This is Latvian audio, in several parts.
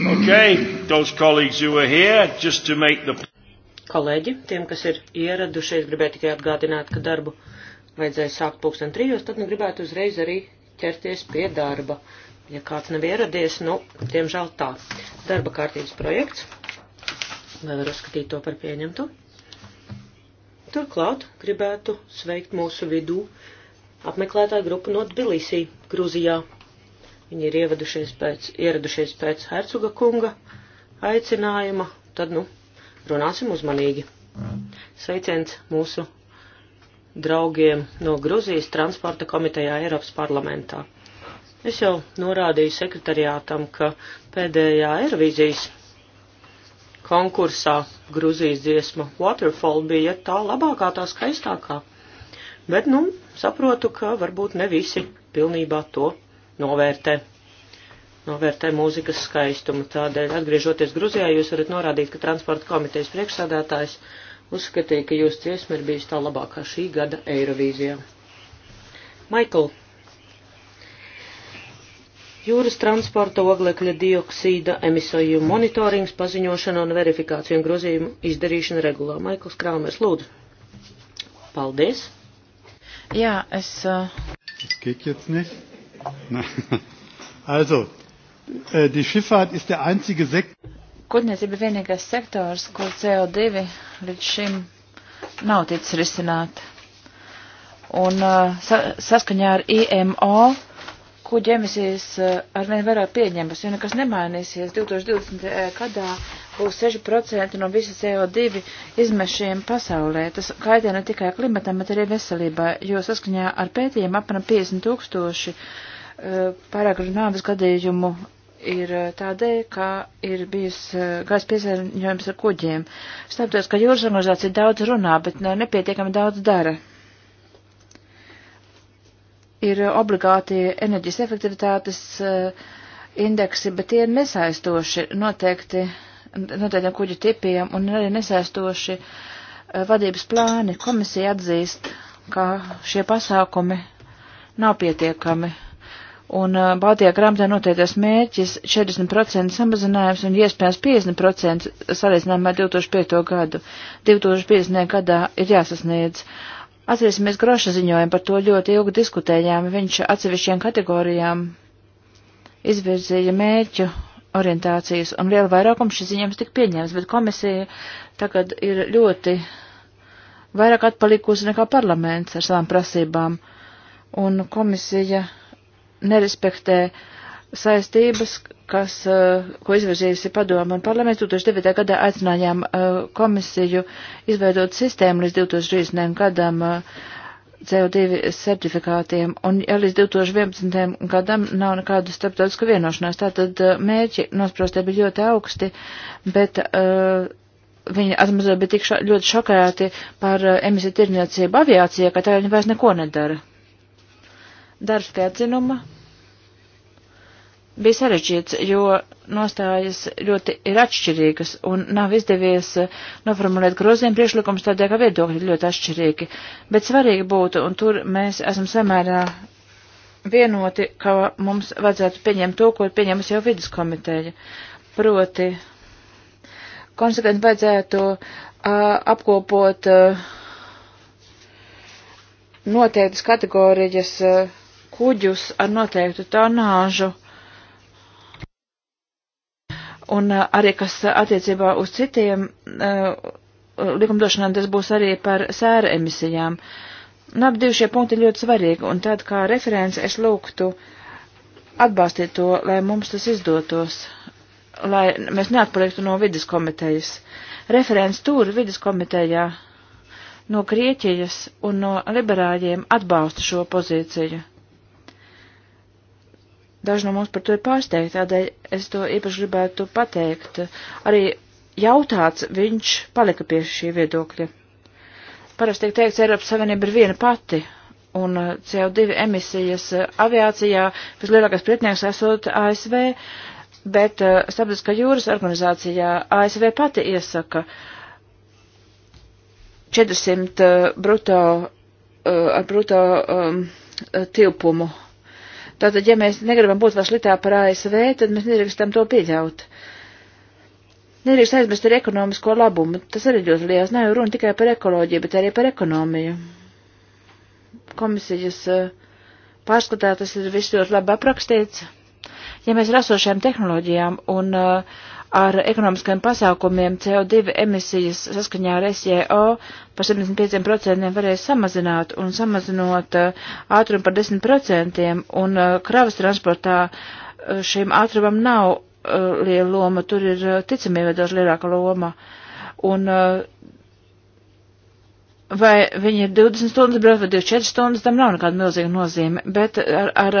Okay, those colleagues who are here, just to make the... Kolēģi, tiem, kas ir ieradušies, gribēju tikai atgādināt, ka darbu vajadzēja sākt pulksten trijos, tad nu gribētu uzreiz arī ķerties pie darba. Ja kāds nav ieradies, nu, tiemžēl tā. Darba kārtības projekts. Vai var uzskatīt to par pieņemtu? Turklāt gribētu sveikt mūsu vidū apmeklētāju grupu no Tbilisī, Gruzijā. Viņi ir ievadušies pēc, ieradušies pēc Hercuga kunga aicinājuma. Tad, nu, runāsim uzmanīgi. Sveiciens mūsu draugiem no Gruzijas transporta komitejā Eiropas parlamentā. Es jau norādīju sekretariātam, ka pēdējā Eirovīzijas konkursā Gruzijas dziesma Waterfall bija tā labākā, tā skaistākā. Bet, nu, saprotu, ka varbūt ne visi pilnībā to novērtē, novērtē mūzikas skaistumu. Tādēļ, atgriežoties Gruzijā, jūs varat norādīt, ka transporta komitejas priekšsādātājs uzskatīja, ka jūsu dziesma ir bijusi tā labākā šī gada Eirovīzijā. Maikl, jūras transporta oglekļa dioksīda emisiju monitorings, paziņošana un verifikācija un grozījumu izdarīšana regulā. Maikls Krāmers, lūdzu. Paldies. Jā, es. Uh... Es kiek jetzt nicht. also, äh, die Schifffahrt ist der einzige Sektor. Kuģniecība ir vienīgais sektors, kur CO2 līdz šim nav ticis risināta. Un äh, sa saskaņā ar IMO kuģi emisijas eh, arvien vairāk pieņemas, jo nekas nemainīsies. 2020. Eh, gadā būs 6% no visas CO2 izmešiem pasaulē. Tas kaitē ne tikai klimatam, bet arī veselībai, jo saskaņā ar pētījumu apmēram 50 tūkstoši eh, pārāk nāves gadījumu ir tādēļ, ka ir bijis gaisa piesārņojums ar kuģiem. Starptautiskā jūras organizācija daudz runā, bet nepietiekami daudz dara ir obligāti enerģijas efektivitātes eh, indeksi, bet tie ir nesaistoši noteikti, noteiktiem kuģu tipiem un arī nesaistoši eh, vadības plāni. Komisija atzīst, ka šie pasākumi nav pietiekami. Un eh, Baltijā grāmatā noteiktais mērķis 40% samazinājums un iespējams 50% salīdzinājumā 2005. gadu. 2050. gadā ir jāsasniedz Atcerēsimies groša ziņojumu, par to ļoti ilgi diskutējām. Viņš atsevišķiem kategorijām izvirzīja mērķu orientācijas, un liela vairākums šis ziņojums tika pieņemts, bet komisija tagad ir ļoti vairāk atpalikusi nekā parlaments ar savām prasībām, un komisija nerespektē uh, saistības, kas, eh, ko izvirzījusi padomu un parlaments 2009. gadā aicinājām eh, komisiju izveidot sistēmu līdz 2030. gadam eh, CO2 certifikātiem, un ja līdz 2011. gadam nav nekādu starptautisku vienošanās, tātad mērķi nosprostie bija ļoti augsti, bet uh, viņi atmazot bija tik ša ļoti šokēti par emisiju tirniecību aviācijā, ka tā viņi vairs neko nedara. Darbs pie atzinuma bija sarežģīts, jo nostājas ļoti ir atšķirīgas un nav izdevies eh, noformulēt grozījumu priekšlikums tādēļ, ka viedokļi ir ļoti atšķirīgi. Bet svarīgi būtu, un tur mēs esam samērā vienoti, ka mums vajadzētu pieņemt to, ko ir pieņemusi jau viduskomiteja. Proti, konsekventi vajadzētu uh, apkopot uh, noteiktas kategorijas uh, kuģus ar noteiktu tonāžu. Uh, Un uh, arī, kas attiecībā uz citiem uh, likumdošanām, tas būs arī par sēra emisijām. Un nu, abi divi šie punkti ir ļoti svarīgi, un tad kā referents es lūgtu atbalstīt to, lai mums tas izdotos, lai mēs neatpaliktu no vidas komitejas. Referents tur vidas komitejā no Grieķijas un no liberāļiem atbalsta šo pozīciju. Daži no mums par to ir pārsteigti, tādēļ es to īpaši gribētu pateikt. Arī jautāts viņš palika pie šī viedokļa. Parasti tiek teikts, Eiropas Savienība ir viena pati, un uh, CO2 emisijas uh, aviācijā vislielākais pretinieks esot ASV, bet uh, Sabiedriskā jūras organizācijā ASV pati iesaka 400 bruto, ar bruto um, tilpumu Tātad, ja mēs negribam būt vairs litā par ASV, tad mēs nedrīkstam to pieļaut. Nedrīkst aizmirst ar ekonomisko labumu. Tas arī ļoti liels. Nav runa tikai par ekoloģiju, bet arī par ekonomiju. Komisijas eh, pārskatā tas ir viss ļoti labi aprakstīts. Ja mēs rasošajām tehnoloģijām un uh, ar ekonomiskajiem pasākumiem CO2 emisijas saskaņā ar SJO e par 75% varēs samazināt un samazinot uh, ātrumu par 10% un uh, kravas transportā uh, šīm ātrumam nav uh, liela loma, tur ir ticamība daudz lielāka loma. Un uh, Vai viņi ir 20 stundas brauc vai 24 stundas, tam nav nekāda milzīga nozīme, bet ar, ar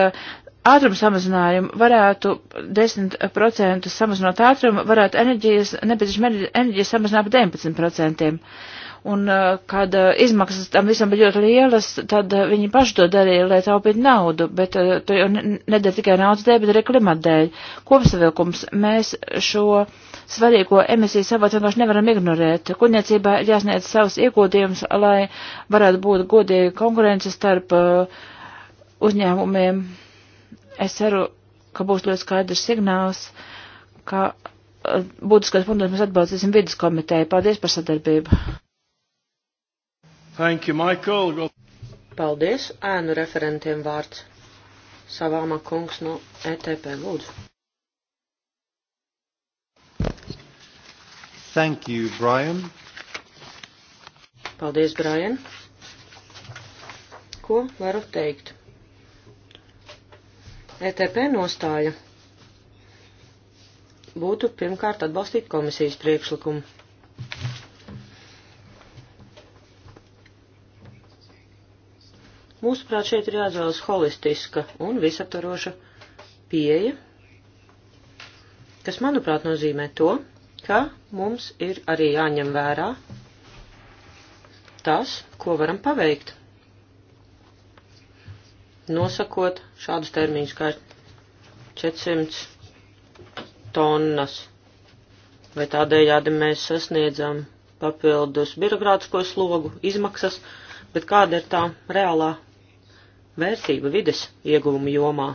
ātrumu samazinājumu varētu 10% samazinot ātrumu, varētu enerģijas, nepieciešama enerģija samazināt par 19%. Un kad izmaksas tam visam bija ļoti lielas, tad viņi paši to darīja, lai taupītu naudu, bet to jau nedēļ tikai naudas dēļ, bet arī klimata dēļ. Kopsavilkums mēs šo svarīgo emisiju savāc vienkārši nevaram ignorēt. Kuģniecībā ir jāsniedz savus iegūdījumus, lai varētu būt godīga konkurence starp uzņēmumiem Es ceru, ka būs ļoti skaidrs signāls, ka e, būtiskais punkts mēs atbalstīsim vidas komiteju. Paldies par sadarbību. Thank you, Michael. Go. Paldies. Ēnu referentiem vārds. Savāma kungs no ETP lūdzu. Thank you, Brian. Paldies, Brian. Ko varu teikt? ETP nostāja būtu pirmkārt atbalstīt komisijas priekšlikumu. Mūsuprāt, šeit ir jāizvēlas holistiska un visaptaroša pieeja, kas, manuprāt, nozīmē to, ka mums ir arī jāņem vērā tas, ko varam paveikt nosakot šādus termiņus kā 400 tonnas. Vai tādējādi mēs sasniedzam papildus birokrātisko slogu, izmaksas, bet kāda ir tā reālā vērtība vides ieguvuma jomā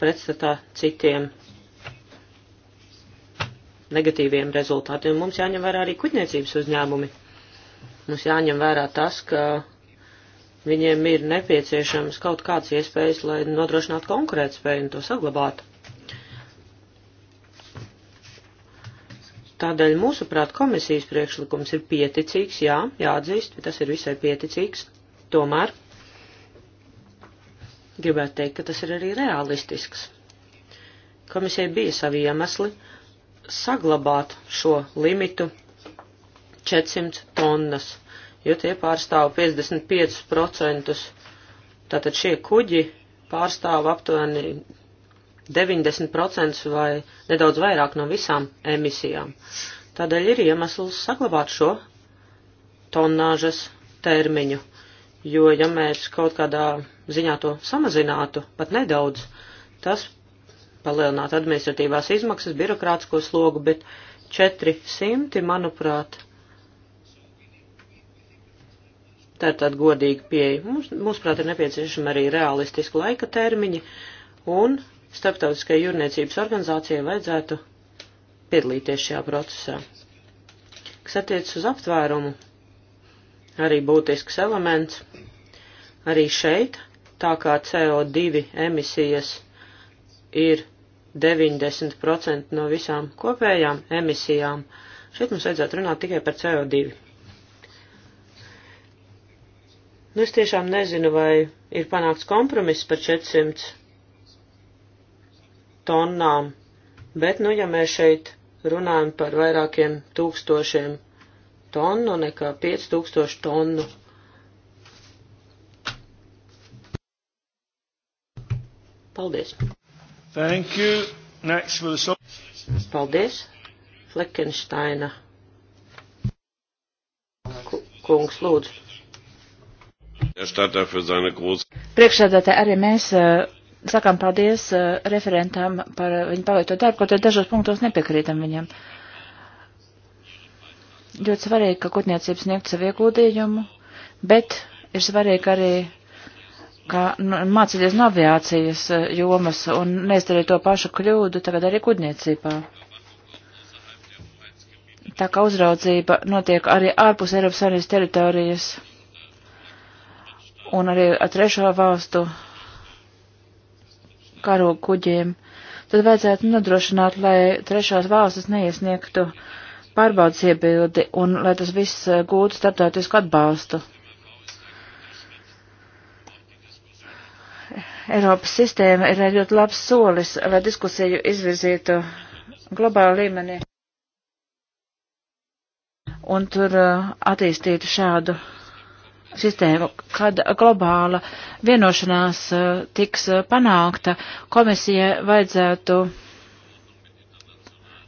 pretstatā citiem negatīviem rezultātiem. Mums jāņem vērā arī kuģniecības uzņēmumi. Mums jāņem vērā tas, ka Viņiem ir nepieciešams kaut kāds iespējas, lai nodrošinātu konkurētspēju un to saglabātu. Tādēļ, mūsuprāt, komisijas priekšlikums ir pieticīgs, jā, jāatzīst, bet tas ir visai pieticīgs. Tomēr gribētu teikt, ka tas ir arī realistisks. Komisijai bija savi iemesli saglabāt šo limitu 400 tonnas jo tie pārstāv 55%. Tātad šie kuģi pārstāv aptuveni 90% vai nedaudz vairāk no visām emisijām. Tādēļ ir iemesls saglabāt šo tonnāžas termiņu, jo ja mēs kaut kādā ziņā to samazinātu, pat nedaudz, tas palielinātu administratīvās izmaksas, birokrātsko slogu, bet 400, manuprāt, Tā ir tāda godīga pieeja. Mums, mūsuprāt, ir nepieciešama arī realistiska laika termiņa, un starptautiskai jūrniecības organizācijai vajadzētu piedalīties šajā procesā. Kas attiecas uz aptvērumu, arī būtisks elements. Arī šeit, tā kā CO2 emisijas ir 90% no visām kopējām emisijām, šeit mums vajadzētu runāt tikai par CO2. Nu, es tiešām nezinu, vai ir panākts kompromiss par 400 tonnām, bet, nu, ja mēs šeit runājam par vairākiem tūkstošiem tonnu nekā 5000 tonnu. Paldies. Thank you. Next for the... Paldies. Fleckensteina. Kungs, lūdzu. Priekšsēdētāji, arī mēs eh, sakām paldies eh, referentam par viņu paveikto darbu, kaut arī dažos punktos nepiekrītam viņam. Ļoti svarīgi, ka kutniecības sniegt savu ieguldījumu, bet ir svarīgi arī kā nu, mācīties no aviācijas eh, jomas un neizdarīt to pašu kļūdu tagad arī kuģniecībā. Tā kā uzraudzība notiek arī ārpus Eiropas Savienības teritorijas un arī ar trešo valstu karogu kuģiem, tad vajadzētu nodrošināt, lai trešās valstis neiesniegtu pārbaudas iebildi un lai tas viss eh, gūtu starptautisku atbalstu. Eiropas sistēma ir ļoti labs solis, lai diskusiju izvirzītu globālu līmenī un tur eh, attīstītu šādu sistēmu, kad globāla vienošanās eh, tiks eh, panākta, komisija vajadzētu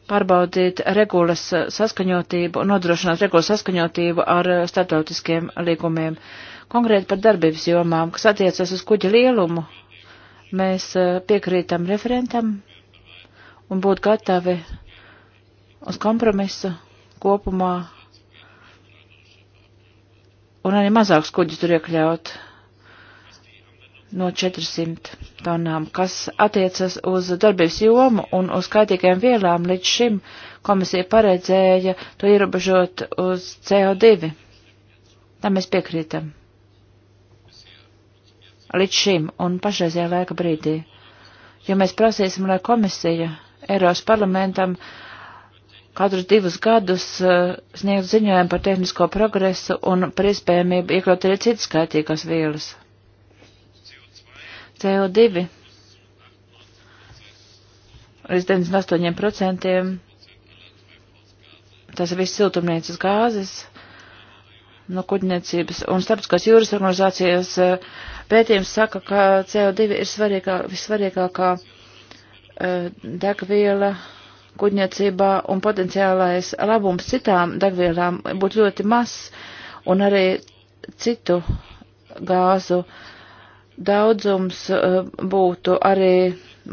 pārbaudīt regulas saskaņotību, nodrošināt regulas saskaņotību ar eh, starptautiskiem līgumiem. Konkrēti par darbības jomām, kas attiecas uz kuģa lielumu, mēs piekrītam referentam un būtu gatavi uz kompromisu kopumā un arī mazāks kuģis tur iekļaut no 400 tonām, kas attiecas uz darbības jomu un uz kaitīgajām vielām. Līdz šim komisija paredzēja to ierobežot uz CO2. Tam mēs piekrītam. Līdz šim un pašreizajā laika brīdī. Jo mēs prasīsim, lai komisija Eiropas parlamentam uh, katrus divus gadus eh, sniegt ziņojumu par tehnisko progresu un par iespējamību iekļaut arī citas skaitīgās vielas. CO2 līdz 98%. Tas ir viss siltumnīcas gāzes no kuģniecības. Un starptautiskās jūras organizācijas eh, pētījums saka, ka CO2 ir svarīgā, vissvarīgākā eh, degviela kuģniecībā un potenciālais labums citām degvielām būtu ļoti mazs un arī citu gāzu daudzums eh, būtu arī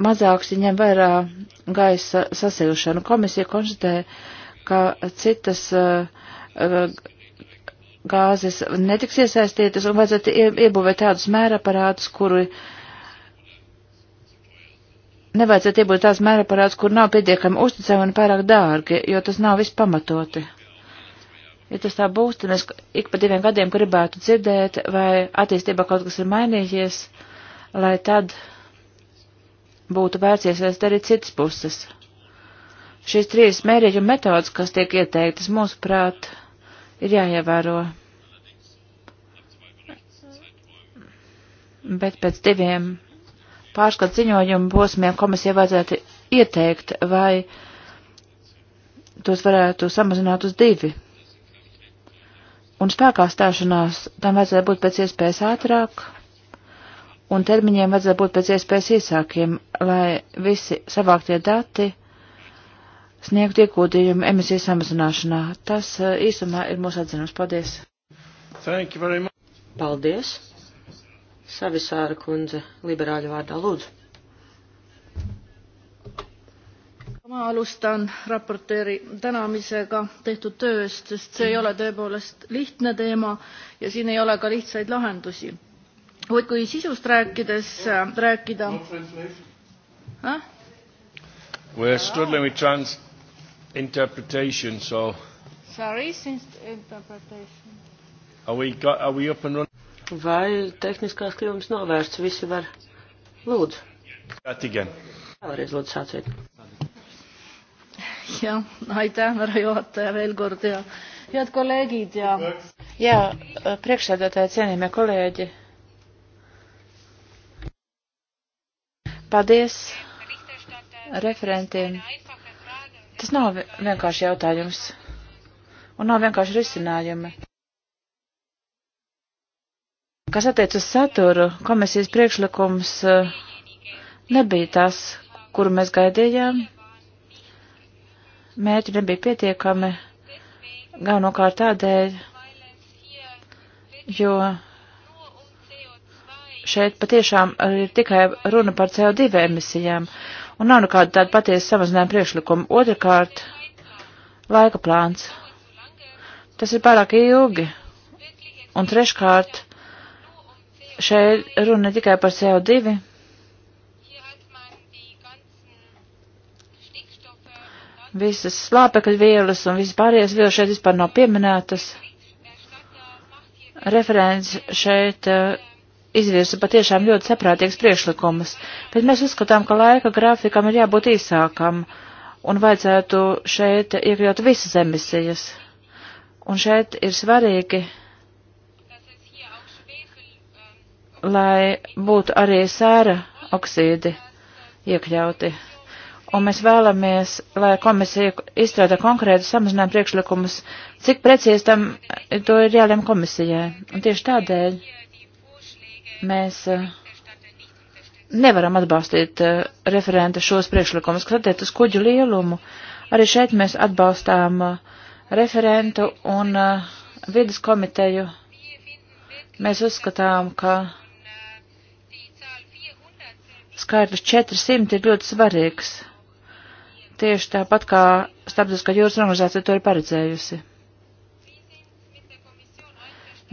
mazāks, ja ņem vērā gaisa sasilšanu. Komisija konstatē, ka citas eh, gāzes netiks iesaistītas un vajadzētu iebūvēt tādus mēraparātus, kuri uh, nevajadzētu iebūt tās mēraparāts, kur nav pietiekami uzticami un pārāk dārgi, jo tas nav viss pamatoti. Ja tas tā būs, tad es ik pa diviem gadiem gribētu dzirdēt, vai attīstībā kaut kas ir mainījies, lai tad būtu vērts iesaistīt arī citas puses. Šīs trīs mērķu metodas, kas tiek ieteiktas, mūsuprāt, ir jāievēro. Bet pēc diviem pārskat ziņojumu posmiem komisija vajadzētu ieteikt, vai tos varētu samazināt uz divi. Un spēkā stāšanās tam vajadzētu būt pēc iespējas ātrāk, un termiņiem vajadzētu būt pēc iespējas īsākiem, lai visi savāktie dati sniegt iekūdījumu emisiju samazināšanā. Tas īsumā ir mūsu atzinums. Paldies! Paldies! Savisāra kundze, liberāļu vārdā lūdzu. ma alustan raportööri tänamisega tehtud töö eest sest see ei ole tõepoolest lihtne teema ja siin ei ole ka lihtsaid lahendusi kuid kui sisust rääkides rääkida eh? We are struggling with trans interpretation, so. Sorry, since interpretation. Are we, got, are we up and running? Vai tehniskās kļūmes novērsts? Visi var lūdzu. Katigen. Vēlreiz lūdzu sāciet. Jā, aitäh, härra juhataja, veel kord ja head kolleegid ja. ja priekšsēdētāja cienījamie kolēģi. Paldies referentiem. Tas nav vienkārši jautājums un nav vienkārši risinājumi. Kas attiec uz saturu, komisijas priekšlikums eh, nebija tas, kuru mēs gaidījām. Mērķi nebija pietiekami galvenokārt tādēļ, jo šeit patiešām ir tikai runa par CO2 emisijām, un nav nekāda tāda patiesa samazinājuma priekšlikuma. Otrakārt, laika plāns. Tas ir pārāk ilgi. Un treškārt, šeit runa ne tikai par CO2. Visas slāpekļu vielas un visas pārējās vielas šeit vispār nav pieminētas. Referents šeit uh, eh, izvirsa patiešām ļoti saprātīgs priekšlikumus, bet mēs uzskatām, ka laika grafikam ir jābūt īsākam un vajadzētu šeit iekļaut visas emisijas. Un šeit ir svarīgi lai būtu arī sēra oksīdi iekļauti. Un mēs vēlamies, lai komisija izstrādā konkrētu samazinājumu priekšlikumus, cik precīzi tam to ir jālem komisijai. Un tieši tādēļ mēs eh, nevaram atbalstīt eh, referenta šos priekšlikumus, kas attiec uz kuģu lielumu. Arī šeit mēs atbalstām eh, referentu un vidas komiteju. Mēs uzskatām, ka skaitlis 400 ir ļoti svarīgs. Tieši tāpat kā starptautiskā jūras organizācija to ir paredzējusi.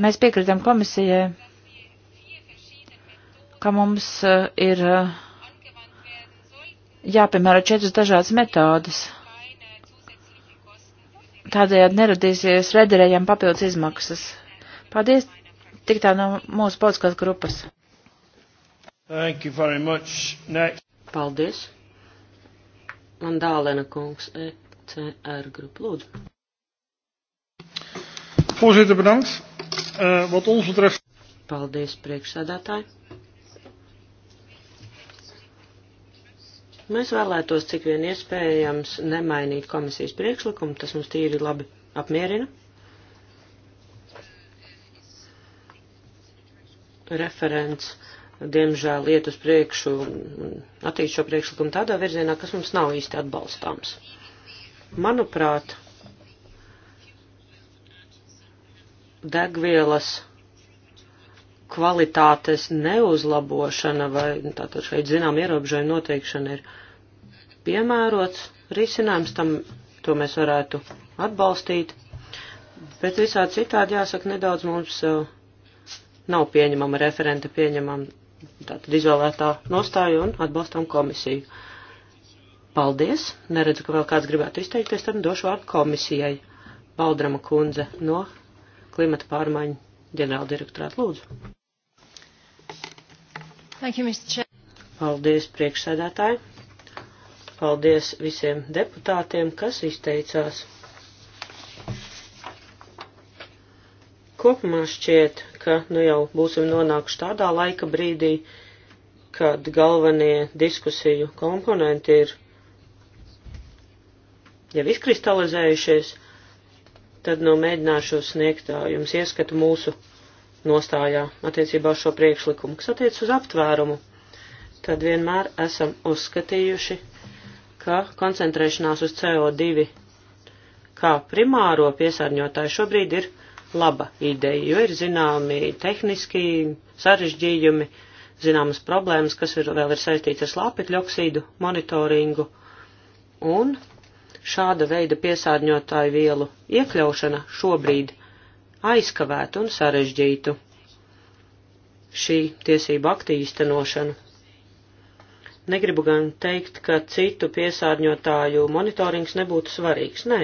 Mēs piekritam komisijai, ka mums uh, ir uh, jāpiemēro četras dažādas metodas. Tādējādi neradīsies rederējiem papildus izmaksas. Paldies, tik tā no mūsu podskās grupas. Thank you very much. Next. Paldies. Man dālena kungs, ECR grupa, lūdzu. Voorzitter, bedankt. Uh, wat ons betreft. Paldies, priekšsēdētāji. Mēs vēlētos, cik vien iespējams, nemainīt komisijas priekšlikumu. Tas mums tīri labi apmierina. Referents diemžēl iet uz priekšu, attīst šo priekšlikumu tādā virzienā, kas mums nav īsti atbalstāms. Manuprāt, degvielas kvalitātes neuzlabošana vai nu, tātad šeit zinām ierobežojumu noteikšana ir piemērots risinājums, tam to mēs varētu atbalstīt, bet visā citādi jāsaka nedaudz mums uh, nav pieņemama referenta pieņemama tātad izvēlētā nostāja un atbalstām komisiju. Paldies! Neredzu, ka vēl kāds gribētu izteikties, tad došu vārdu komisijai. Baldrama kundze no klimata pārmaiņu ģenerāla direktorāta lūdzu. Thank you, Mr. Chair. Paldies priekšsēdētāji. Paldies visiem deputātiem, kas izteicās. Kopumā šķiet, ka nu jau būsim nonākuši tādā laika brīdī, kad galvenie diskusiju komponenti ir jau izkristalizējušies, tad nu mēģināšu sniegt jums ieskatu mūsu nostājā attiecībā uz šo priekšlikumu, kas attiec uz aptvērumu. Tad vienmēr esam uzskatījuši, ka koncentrēšanās uz CO2 kā primāro piesārņotāju šobrīd ir laba ideja, jo ir zināmi tehniski sarežģījumi, zināmas problēmas, kas ir, vēl ir saistīts ar slāpekļu oksīdu monitoringu. Un šāda veida piesārņotāju vielu iekļaušana šobrīd aizkavētu un sarežģītu šī tiesība akti īstenošanu. Negribu gan teikt, ka citu piesārņotāju monitorings nebūtu svarīgs, nē.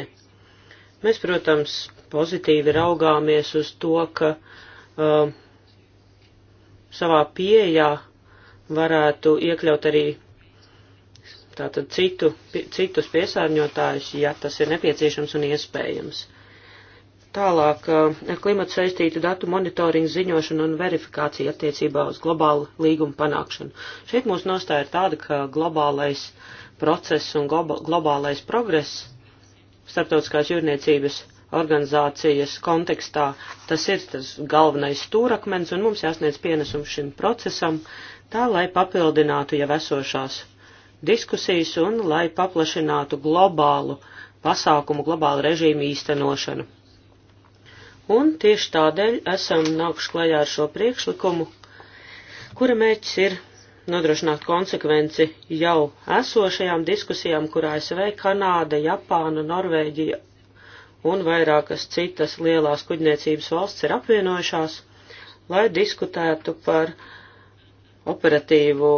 Mēs, protams, pozitīvi raugāmies uz to, ka uh, savā pieejā varētu iekļaut arī tātad citu, citus piesārņotājus, ja tas ir nepieciešams un iespējams. Tālāk, uh, klimata saistītu datu monitoringu ziņošanu un verifikāciju attiecībā uz globālu līgumu panākšanu. Šeit mūsu nostāja ir tāda, ka globālais process un globālais progress starptautiskās jūrniecības organizācijas kontekstā. Tas ir tas galvenais stūrakmens, un mums jāsniedz pienesums šim procesam, tā lai papildinātu jau esošās diskusijas un lai paplašinātu globālu pasākumu, globālu režīmu īstenošanu. Un tieši tādēļ esam nākuši klajā ar šo priekšlikumu, kura mērķis ir nodrošināt konsekvenci jau esošajām diskusijām, kur ASV, Kanāda, Japāna, Norvēģija, un vairākas citas lielās kuģniecības valsts ir apvienojušās, lai diskutētu par operatīvo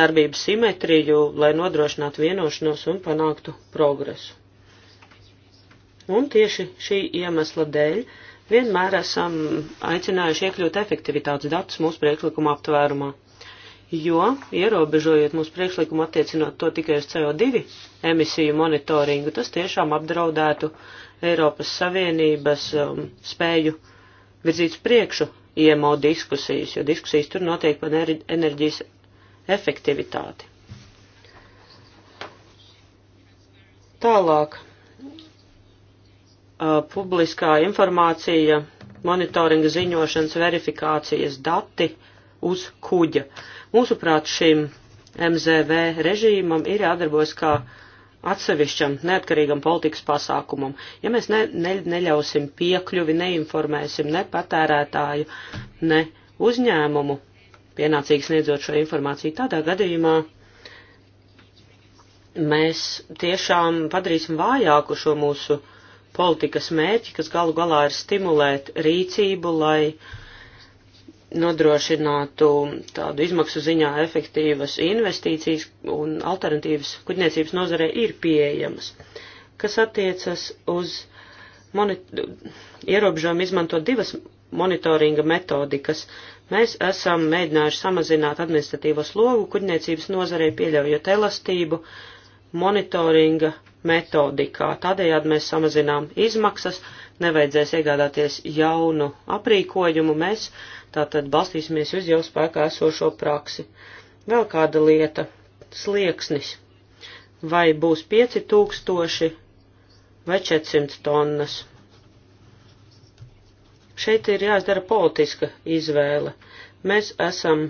darbību simetriju, lai nodrošinātu vienošanos un panāktu progresu. Un tieši šī iemesla dēļ vienmēr esam aicinājuši iekļūt efektivitātes datus mūsu prieklikuma aptvērumā jo, ierobežojot mūsu priekšlikumu attiecinot to tikai uz CO2 emisiju monitoringu, tas tiešām apdraudētu Eiropas Savienības um, spēju virzīt uz priekšu IMO diskusijas, jo diskusijas tur notiek par enerģijas efektivitāti. Tālāk. Uh, publiskā informācija, monitoringa ziņošanas, verifikācijas dati uz kuģa. Uh, Mūsuprāt, šim MZV režīmam ir jādarbojas kā atsevišķam, neatkarīgam politikas pasākumumam. Ja mēs ne, ne, neļausim piekļuvi, neinformēsim ne patērētāju, ne uzņēmumu, pienācīgi sniedzot šo informāciju, tādā gadījumā mēs tiešām padarīsim vājāku šo mūsu politikas mērķi, kas galu galā ir stimulēt rīcību, lai uh, nodrošinātu tādu izmaksu ziņā efektīvas investīcijas un alternatīvas kuģniecības nozarē ir pieejamas. Kas attiecas uz ierobežojumu izmantot divas monitoringa metodikas, mēs esam mēģinājuši samazināt administratīvo slogu kuģniecības nozarē pieļaujot elastību monitoringa metodikā. Tādējādi mēs samazinām izmaksas, nevajadzēs iegādāties jaunu aprīkojumu, mēs uh, Tātad balstīsimies uz jau spēkā esošo praksi. Vēl kāda lieta - slieksnis. Vai būs 5000 vai 400 tonnas? Šeit ir jāizdara politiska izvēle. Mēs esam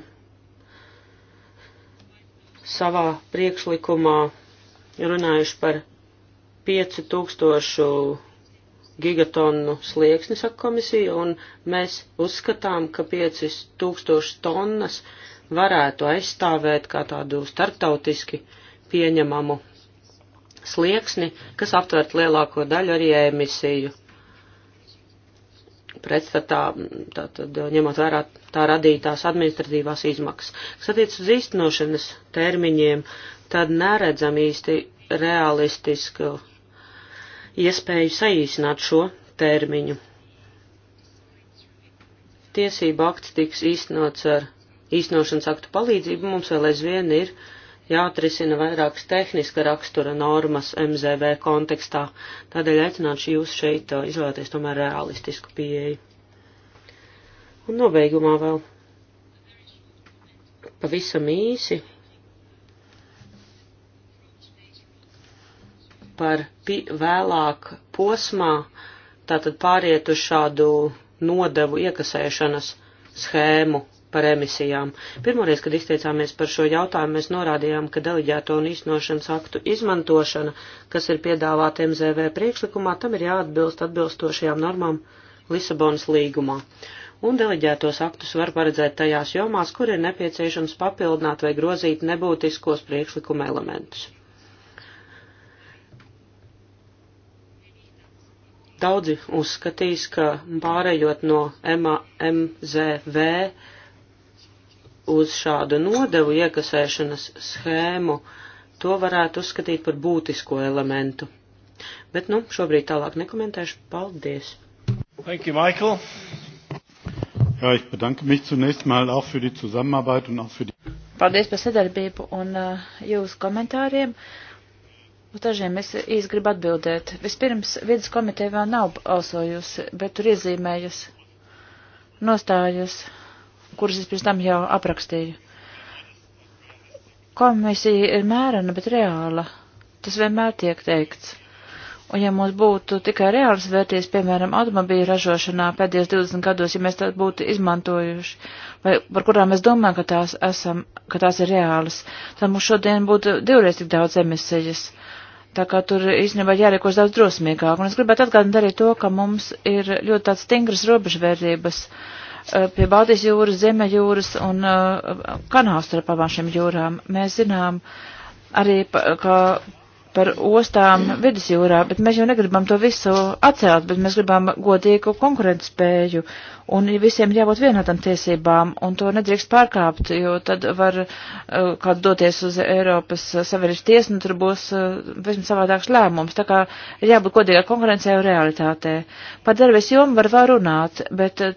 savā priekšlikumā runājuši par 5000 gigatonu slieksni, saka komisija, un mēs uzskatām, ka 5000 tonnas varētu aizstāvēt kā tādu starptautiski pieņemamu slieksni, kas aptvert lielāko daļu arī emisiju. Pretstatā, tātad ņemot vērā tā radītās administratīvās izmaksas. Kas attiec uz īstenošanas termiņiem, tad neredzam īsti realistisku iespēju saīsināt šo termiņu. Tiesība akts tiks īstenots ar īstenošanas aktu palīdzību, mums vēl aizvien ir jāatrisina vairākas tehniska rakstura normas MZV kontekstā, tādēļ aicināšu jūs šeit uh, izvēlēties tomēr realistisku pieeju. Un nobeigumā vēl pavisam īsi par vēlāk posmā, tātad pāriet uz šādu nodevu iekasēšanas schēmu par emisijām. Pirmoreiz, kad izteicāmies par šo jautājumu, mēs norādījām, ka deleģēto un īstenošanas aktu izmantošana, kas ir piedāvāta MZV priekšlikumā, tam ir jāatbilst atbilstošajām normām Lisabonas līgumā. Un deleģētos aktus var paredzēt tajās jomās, kur ir nepieciešams papildināt vai grozīt nebūtiskos priekšlikuma elementus. Daudzi uzskatīs, ka pārējot no MZV uz šādu nodevu iekasēšanas schēmu, to varētu uzskatīt par būtisko elementu. Bet, nu, šobrīd tālāk nekomentēšu. Paldies! Thank you, Michael. Ja, ich bedanke mich zunächst mal auch für die Zusammenarbeit und auch für die. Paldies par sadarbību un uh, jūsu komentāriem. Uh, Uz dažiem es īsti gribu atbildēt. Vispirms vidas komiteja vēl nav balsojusi, bet tur iezīmējusi nostājas, kuras es pirms tam jau aprakstīju. Komisija ir mērena, bet reāla. Tas vienmēr tiek teikts. Un ja mums būtu tikai reāls vērties, piemēram, automobīļu ražošanā pēdējos 20 gados, ja mēs tās būtu izmantojuši, vai par kurām mēs domājam, ka tās, esam, ka tās ir reālas, tad mums šodien būtu divreiz tik daudz emisijas. Tā kā tur īstenībā jārīkos daudz drosmīgāk. Un es gribētu atgādināt arī to, ka mums ir ļoti tāds stingras robežvērtības eh, pie Baltijas jūras, Zemē jūras un uh, eh, kanāls starp abām šīm jūrām. Mēs zinām arī, ka par ostām vidusjūrā, bet mēs jau negribam to visu atcelt, bet mēs gribam godīgu konkurentspēju un visiem jābūt vienotām tiesībām un to nedrīkst pārkāpt, jo tad var eh, kāds doties uz Eiropas Savienības tiesu un tur būs eh, visam savādāks lēmums. Tā kā ir jābūt godīgā konkurencē un realitātē. Par darbības jomu var vēl runāt, bet eh,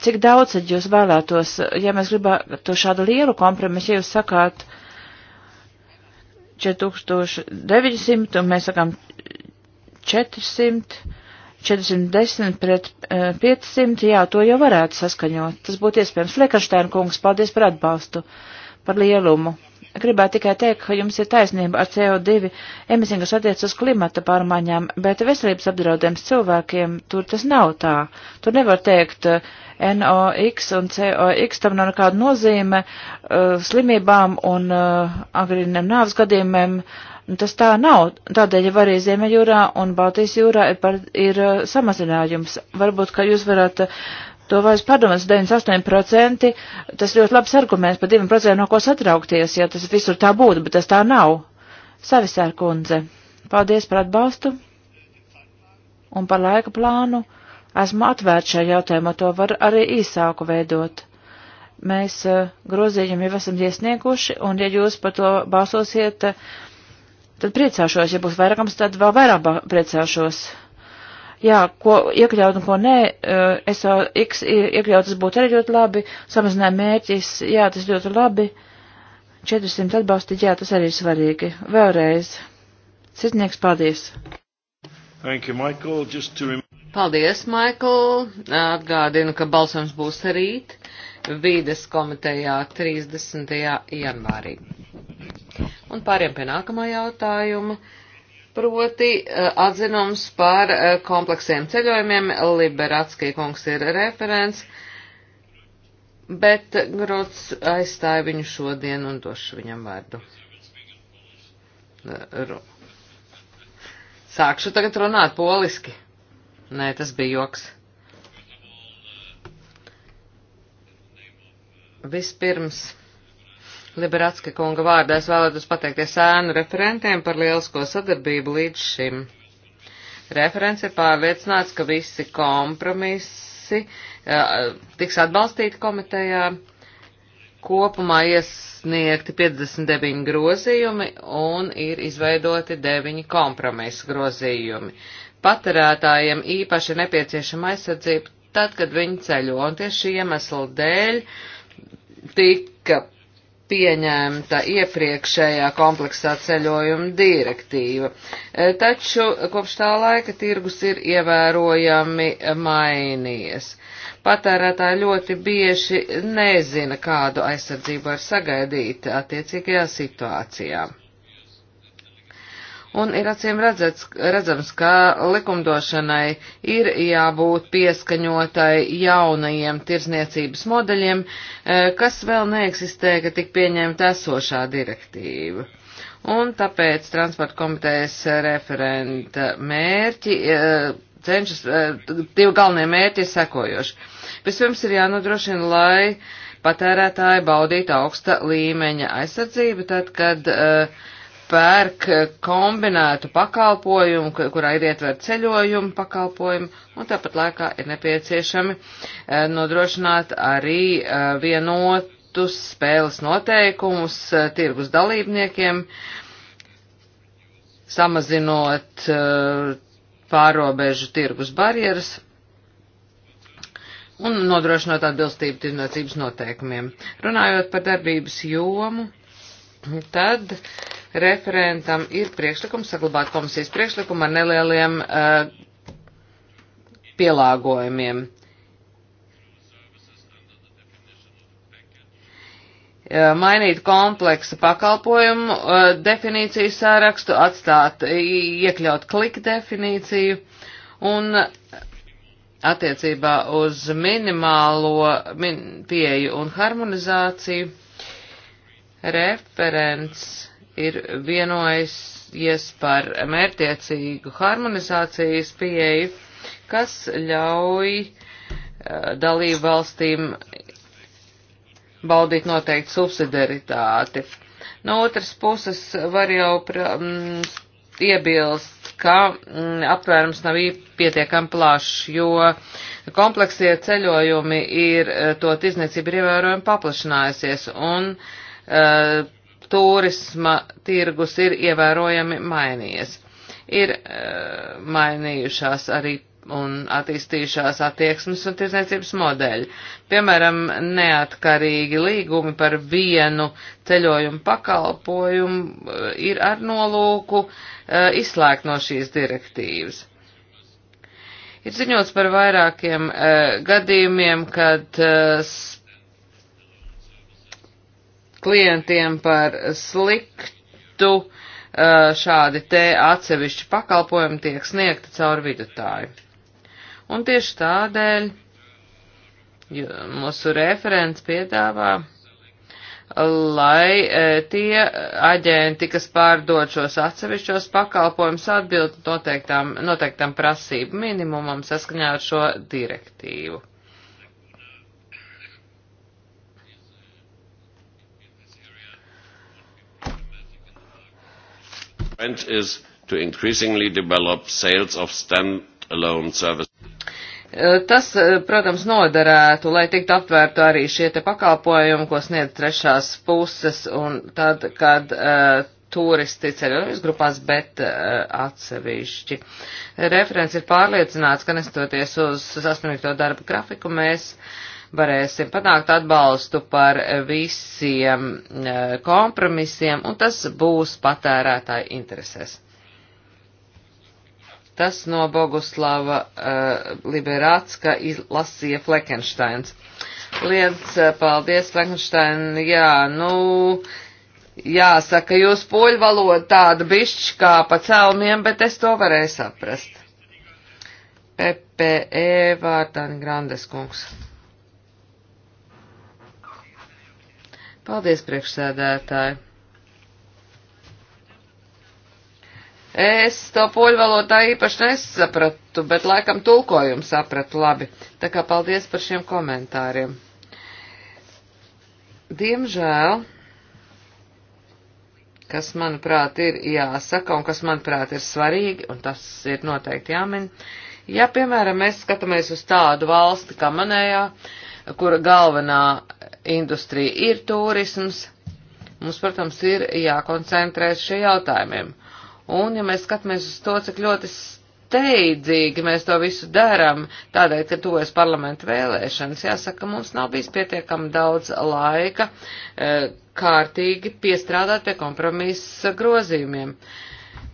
cik daudz tad jūs vēlētos, ja mēs gribētu šādu lielu kompromisu, ja jūs sakāt, uh, 4900 un mēs sakām 400, 410 pret 500, eh, jā, to jau varētu saskaņot. Tas būtu iespējams. Flekarštēna kungs, paldies par atbalstu, par lielumu. Gribētu tikai teikt, ka jums ir taisnība ar CO2 emisiju, kas attiec uz klimata pārmaiņām, bet veselības apdraudējums cilvēkiem tur tas nav tā. Tur nevar teikt eh, NOx un COx, tam nav nekāda nozīme uh, slimībām un uh, agrīniem nāvas gadījumiem. Nu, tas tā nav. Tādēļ jau arī Ziemeļjūrā un Baltijas jūrā ir, par, ir uh, samazinājums. Varbūt, ka jūs varat. Uh, to vairs padomas 98%, tas ļoti labs arguments par 2%, no ko satraukties, ja tas visur tā būtu, bet tas tā nav. Savisēr kundze, paldies par atbalstu un par laika plānu. Esmu atvērts šajā jautājumā, to var arī īsāku veidot. Mēs eh, grozījumu jau esam iesnieguši, un ja jūs par to balsosiet, eh, tad priecāšos, ja būs vairākums, tad vēl vairāk priecāšos jā, ko iekļaut un ko nē, eh, SOX iekļaut, tas būtu arī ļoti labi, samazinājuma mērķis, jā, tas ļoti labi, 400 atbalstīt, jā, tas arī ir svarīgi. Vēlreiz, sirdnieks, paldies! Thank you, Michael. Just to Paldies, Michael. Atgādinu, ka balsojums būs rīt vīdes komitejā 30. janvārī. Un pāriem pie nākamā jautājuma proti eh, atzinums par eh, kompleksiem ceļojumiem. Liberatskī kungs ir referents, bet Grots aizstāja viņu šodien un došu viņam vārdu. Eh, Sākšu tagad runāt poliski. Nē, tas bija joks. Vispirms Liberatska kunga vārdā es vēlētos pateikties ēnu referentiem par lielisko sadarbību līdz šim. Referents ir pārliecināts, ka visi kompromisi tiks atbalstīti komitejā. Kopumā iesniegti 59 grozījumi un ir izveidoti 9 kompromisa grozījumi. Patarētājiem īpaši nepieciešama aizsardzība tad, kad viņi ceļo, un tieši šī iemesla dēļ tika pieņemta iepriekšējā kompleksā ceļojuma direktīva, e, taču kopš tā laika tirgus ir ievērojami mainījies. Patērētāji ļoti bieži nezina, kādu aizsardzību var sagaidīt attiecīgajā situācijā un ir acīm redzēts, redzams, ka likumdošanai ir jābūt pieskaņotai jaunajiem tirzniecības modeļiem, e, kas vēl neeksistē, ka tik pieņemta esošā direktīva. Un tāpēc transporta komitejas referenta mērķi e, cenšas, e, divi galvenie mērķi ir sekojoši. Vispirms ir jānodrošina, lai patērētāji baudītu augsta līmeņa aizsardzību, tad, kad uh, pērk eh, kombinētu pakalpojumu, kurā ir ietver ceļojumu pakalpojumu, un tāpat laikā ir nepieciešami eh, nodrošināt arī eh, vienotus spēles noteikumus tirgus dalībniekiem, samazinot pārobežu tirgus barjeras un nodrošinot atbilstību tirdzniecības noteikumiem. Runājot par darbības jomu, tad uh, Referentam ir priekšlikums saglabāt komisijas priekšlikumu ar nelieliem uh, pielāgojumiem. Eh, mainīt kompleksu pakalpojumu eh, definīciju sārakstu, atstāt, iekļaut klika definīciju un attiecībā uz minimālo min pieju un harmonizāciju referents ir vienojies par mērtiecīgu harmonizācijas pieeju, kas ļauj eh, dalību valstīm baudīt noteikti subsidiaritāti. No otras puses var jau pra, m, mm, iebilst, ka m, mm, aptvērums nav pietiekami plašs, jo kompleksie ceļojumi ir, eh, to tirdzniecība ir ievērojami paplašinājusies un uh, turisma tirgus ir ievērojami mainījies. Ir uh, mainījušās arī un attīstījušās attieksmes un tirdzniecības modeļi. Piemēram, neatkarīgi līgumi par vienu ceļojumu pakalpojumu eh, ir ar nolūku eh, izslēgt no šīs direktīvas. Ir ziņots par vairākiem gadījumiem, kad klientiem par sliktu šādi te atsevišķi pakalpojumi tiek sniegti caur vidutāju. Un tieši tādēļ mūsu referents piedāvā, lai tie aģenti, kas pārdod šos atsevišķos pakalpojumus, atbild noteiktām, noteiktam prasību minimumam saskaņā ar šo direktīvu. trend is to increasingly develop sales of stand-alone services. E, tas, e, protams, noderētu, lai tiktu aptvērtu arī šie te pakalpojumi, ko sniedz trešās puses, un tad, kad uh, turisti ceļojumus grupās, bet uh, atsevišķi. Referents ir pārliecināts, ka nestoties uz sasniegto darba grafiku, mēs uh, varēsim panākt atbalstu par visiem eh, kompromisiem, un tas būs patērētāji interesēs. Tas no Boguslava uh, eh, Liberācka izlasīja Fleckensteins. Liels eh, paldies, Fleckenstein, jā, nu, jāsaka, jūs poļu valoda tāda bišķi kā pa celmiem, bet es to varēju saprast. PPE vārdā Grandes kungs. Paldies, priekšsēdētāji. Es to poļu valodā īpaši nesapratu, bet laikam tulkojumu sapratu labi. Tā kā paldies par šiem komentāriem. Diemžēl, kas manuprāt ir jāsaka un kas manuprāt ir svarīgi, un tas ir noteikti jāmin, ja piemēram mēs skatāmies uz tādu valsti kā manējā, uh, kura galvenā industrija ir turisms, mums, protams, ir jākoncentrēs šie jautājumiem. Un, ja mēs skatāmies uz to, cik ļoti steidzīgi mēs to visu darām, tādēļ, ka tuvojas parlamentu vēlēšanas, jāsaka, mums nav bijis pietiekami daudz laika e, kārtīgi piestrādāt pie kompromisa grozījumiem. E,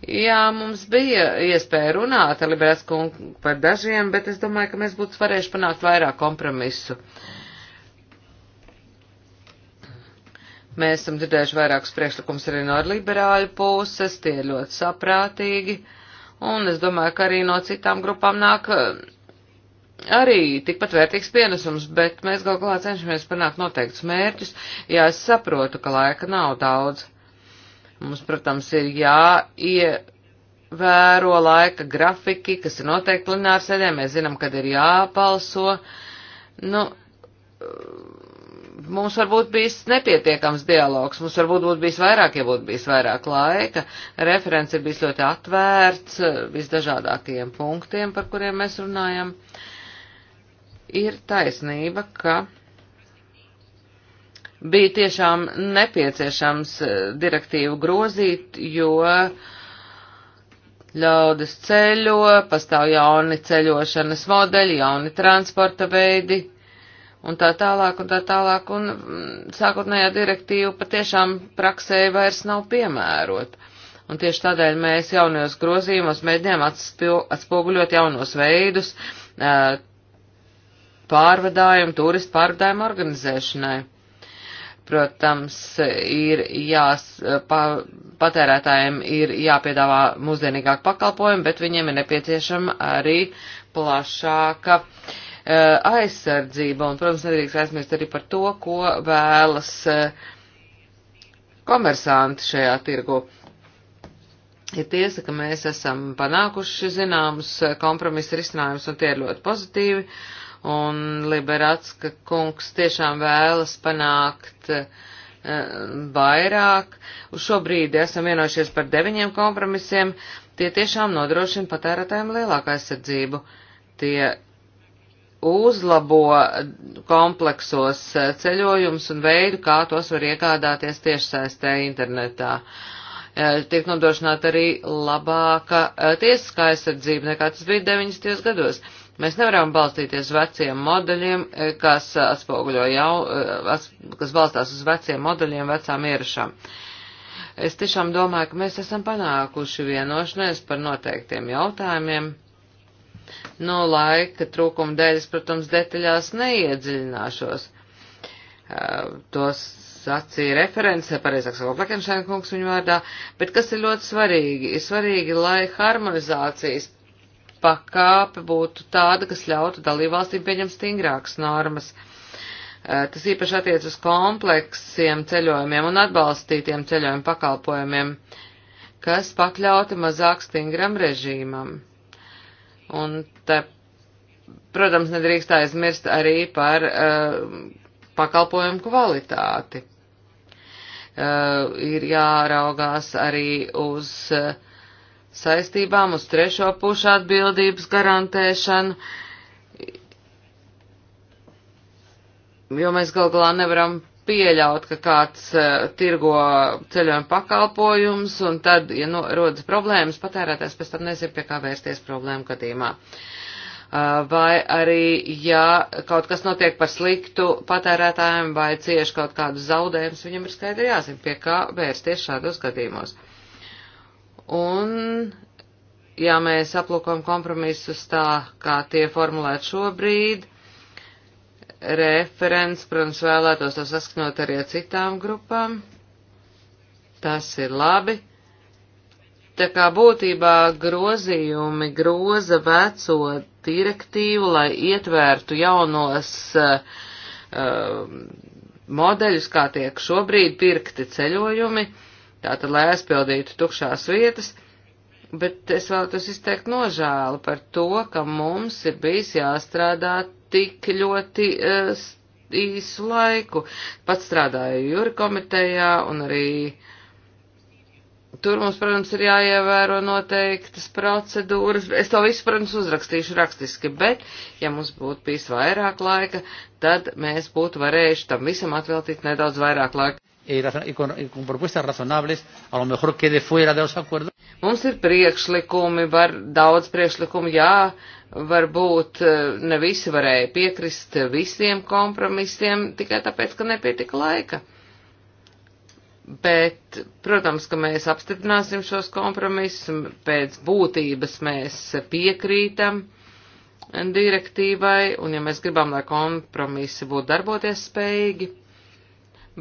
Jā, mums bija iespēja runāt ar Liberētsku par dažiem, bet es domāju, ka mēs būtu varējuši panākt vairāk kompromisu. Mēs esam dzirdējuši vairākus priekšlikumus arī no liberāļu puses, tie ir ļoti saprātīgi, un es domāju, ka arī no citām grupām nāk eh, arī tikpat vērtīgs pienesums, bet mēs galu galā cenšamies panākt noteiktus mērķus. Jā, es saprotu, ka laika nav daudz. Mums, protams, ir jāievēro laika grafiki, kas ir noteikti plenāra sēdē, mēs zinām, kad ir jāpalso. Nu, mums varbūt bijis nepietiekams dialogs, mums varbūt būtu bijis vairāk, ja būtu bijis vairāk laika. Referents ir bijis ļoti atvērts visdažādākajiem punktiem, par kuriem mēs runājam. Ir taisnība, ka bija tiešām nepieciešams eh, direktīvu grozīt, jo ļaudis ceļo, pastāv jauni ceļošanas modeļi, jauni transporta veidi un tā tālāk un tā tālāk, un mm, sākotnējā direktīva patiešām praksē vairs nav piemērota. Un tieši tādēļ mēs jaunajos grozījumos mēģinām atspoguļot jaunos veidus eh, pārvadājumu, turistu pārvadājumu organizēšanai. Protams, ir jās, pa, patērētājiem ir jāpiedāvā mūsdienīgāk pakalpojumi, bet viņiem ir nepieciešama arī plašāka uh, aizsardzība. Un, protams, nedrīkst aizmirst arī par to, ko vēlas uh, komersanti šajā tirgu. Ir tiesa, ka mēs esam panākuši zināmus kompromisu risinājumus, un tie ir ļoti pozitīvi. Uh, un Liberatska kungs tiešām vēlas panākt uh, vairāk. Uz šo brīdi esam vienojušies par deviņiem kompromisiem. Tie tiešām nodrošina patērētājiem lielāku aizsardzību. Tie uzlabo kompleksos eh, ceļojums un veidu, kā tos var iegādāties tiešsaistē internetā. Eh, tiek nodrošināta arī labāka tiesiskā aizsardzība nekā tas bija 90. gados. Mēs nevaram balstīties veciem modeļiem, eh, kas atspoguļo jau, eh, kas balstās uz veciem modeļiem, vecām ierašām. Es tiešām domāju, ka mēs esam panākuši vienošanos par noteiktiem jautājumiem. No laika trūkuma dēļ es, protams, detaļās neiedziļināšos. Eh, Tos sacīja referents, pareizāk sakot, Plekenšēna kungs viņu vārdā, bet kas ir ļoti svarīgi? Ir svarīgi, lai harmonizācijas pakāpe būtu tāda, kas ļautu dalībvalstīm pieņemt stingrākas normas. Tas īpaši attiec uz kompleksiem ceļojumiem un atbalstītiem ceļojumu pakalpojumiem, kas pakļauti mazāk stingram režīmam. Un te, protams, nedrīkst aizmirst arī par uh, pakalpojumu kvalitāti. Uh, ir jāraugās arī uz uh, saistībām uz trešo pušu atbildības garantēšanu, jo mēs gal galā nevaram pieļaut, ka kāds uh, tirgo ceļojuma pakalpojums, un tad, ja no, rodas problēmas, patērētājs pēc tam nezin, pie kā vērsties problēmu gadījumā. Uh, vai arī, ja kaut kas notiek par sliktu patērētājiem vai cieši kaut kādus zaudējumus, viņam ir skaidri jāzina, pie kā vērsties šādos gadījumos. Uh, Un, ja mēs aplūkojam kompromisus tā, kā tie formulēt šobrīd, referents, protams, vēlētos to sasknot arī ar citām grupām. Tas ir labi. Tā kā būtībā grozījumi groza veco direktīvu, lai ietvērtu jaunos uh, uh modeļus, kā tiek šobrīd pirkti ceļojumi. Uh, tātad, lai aizpildītu tukšās vietas, bet es vēlētos izteikt nožēlu par to, ka mums ir bijis jāstrādā tik ļoti uh, īsu laiku. Pats strādāju jūra komitejā un arī tur mums, protams, ir jāievēro noteiktas procedūras. Es to visu, protams, uzrakstīšu rakstiski, bet ja mums būtu bijis vairāk laika, tad mēs būtu varējuši tam visam atveltīt nedaudz vairāk laika y, eh, y, con, y con propuestas razonables a lo mejor quede fuera de los acuerdos. Mums ir priekšlikumi, var daudz priekšlikumu, jā, varbūt eh, ne visi varēja piekrist visiem kompromisiem tikai tāpēc, ka nepietika laika. Bet, protams, ka mēs apstiprināsim šos kompromisus, pēc būtības mēs piekrītam direktīvai, un ja mēs gribam, lai kompromisi būtu darboties spējīgi,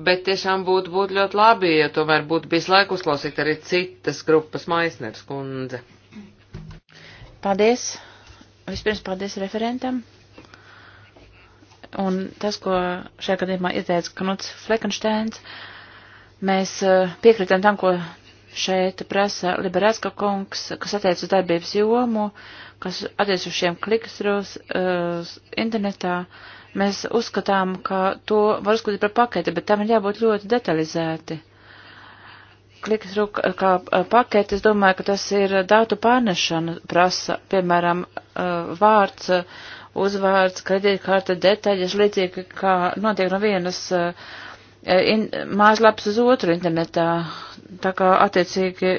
bet tiešām būtu, būtu ļoti labi, ja tomēr būtu bijis laika uzklausīt arī citas grupas maisners kundze. Paldies. Vispirms paldies referentam. Un tas, ko šajā gadījumā ieteica Knuts Fleckensteins, mēs eh, piekritam tam, ko šeit prasa Liberāska kungs, kas attiec uz darbības jomu, kas attiec uz šiem klikstrus uh, eh, internetā. Uh, Mēs uzskatām, ka to var uzskatīt par paketi, bet tam ir jābūt ļoti detalizēti. Klikas rūka kā paketi, es domāju, ka tas ir datu pārnešana prasa, piemēram, vārds, uzvārds, kredītkarte, detaļas, līdzīgi kā notiek no vienas in, mājaslaps uz otru internetā. Tā kā attiecīgi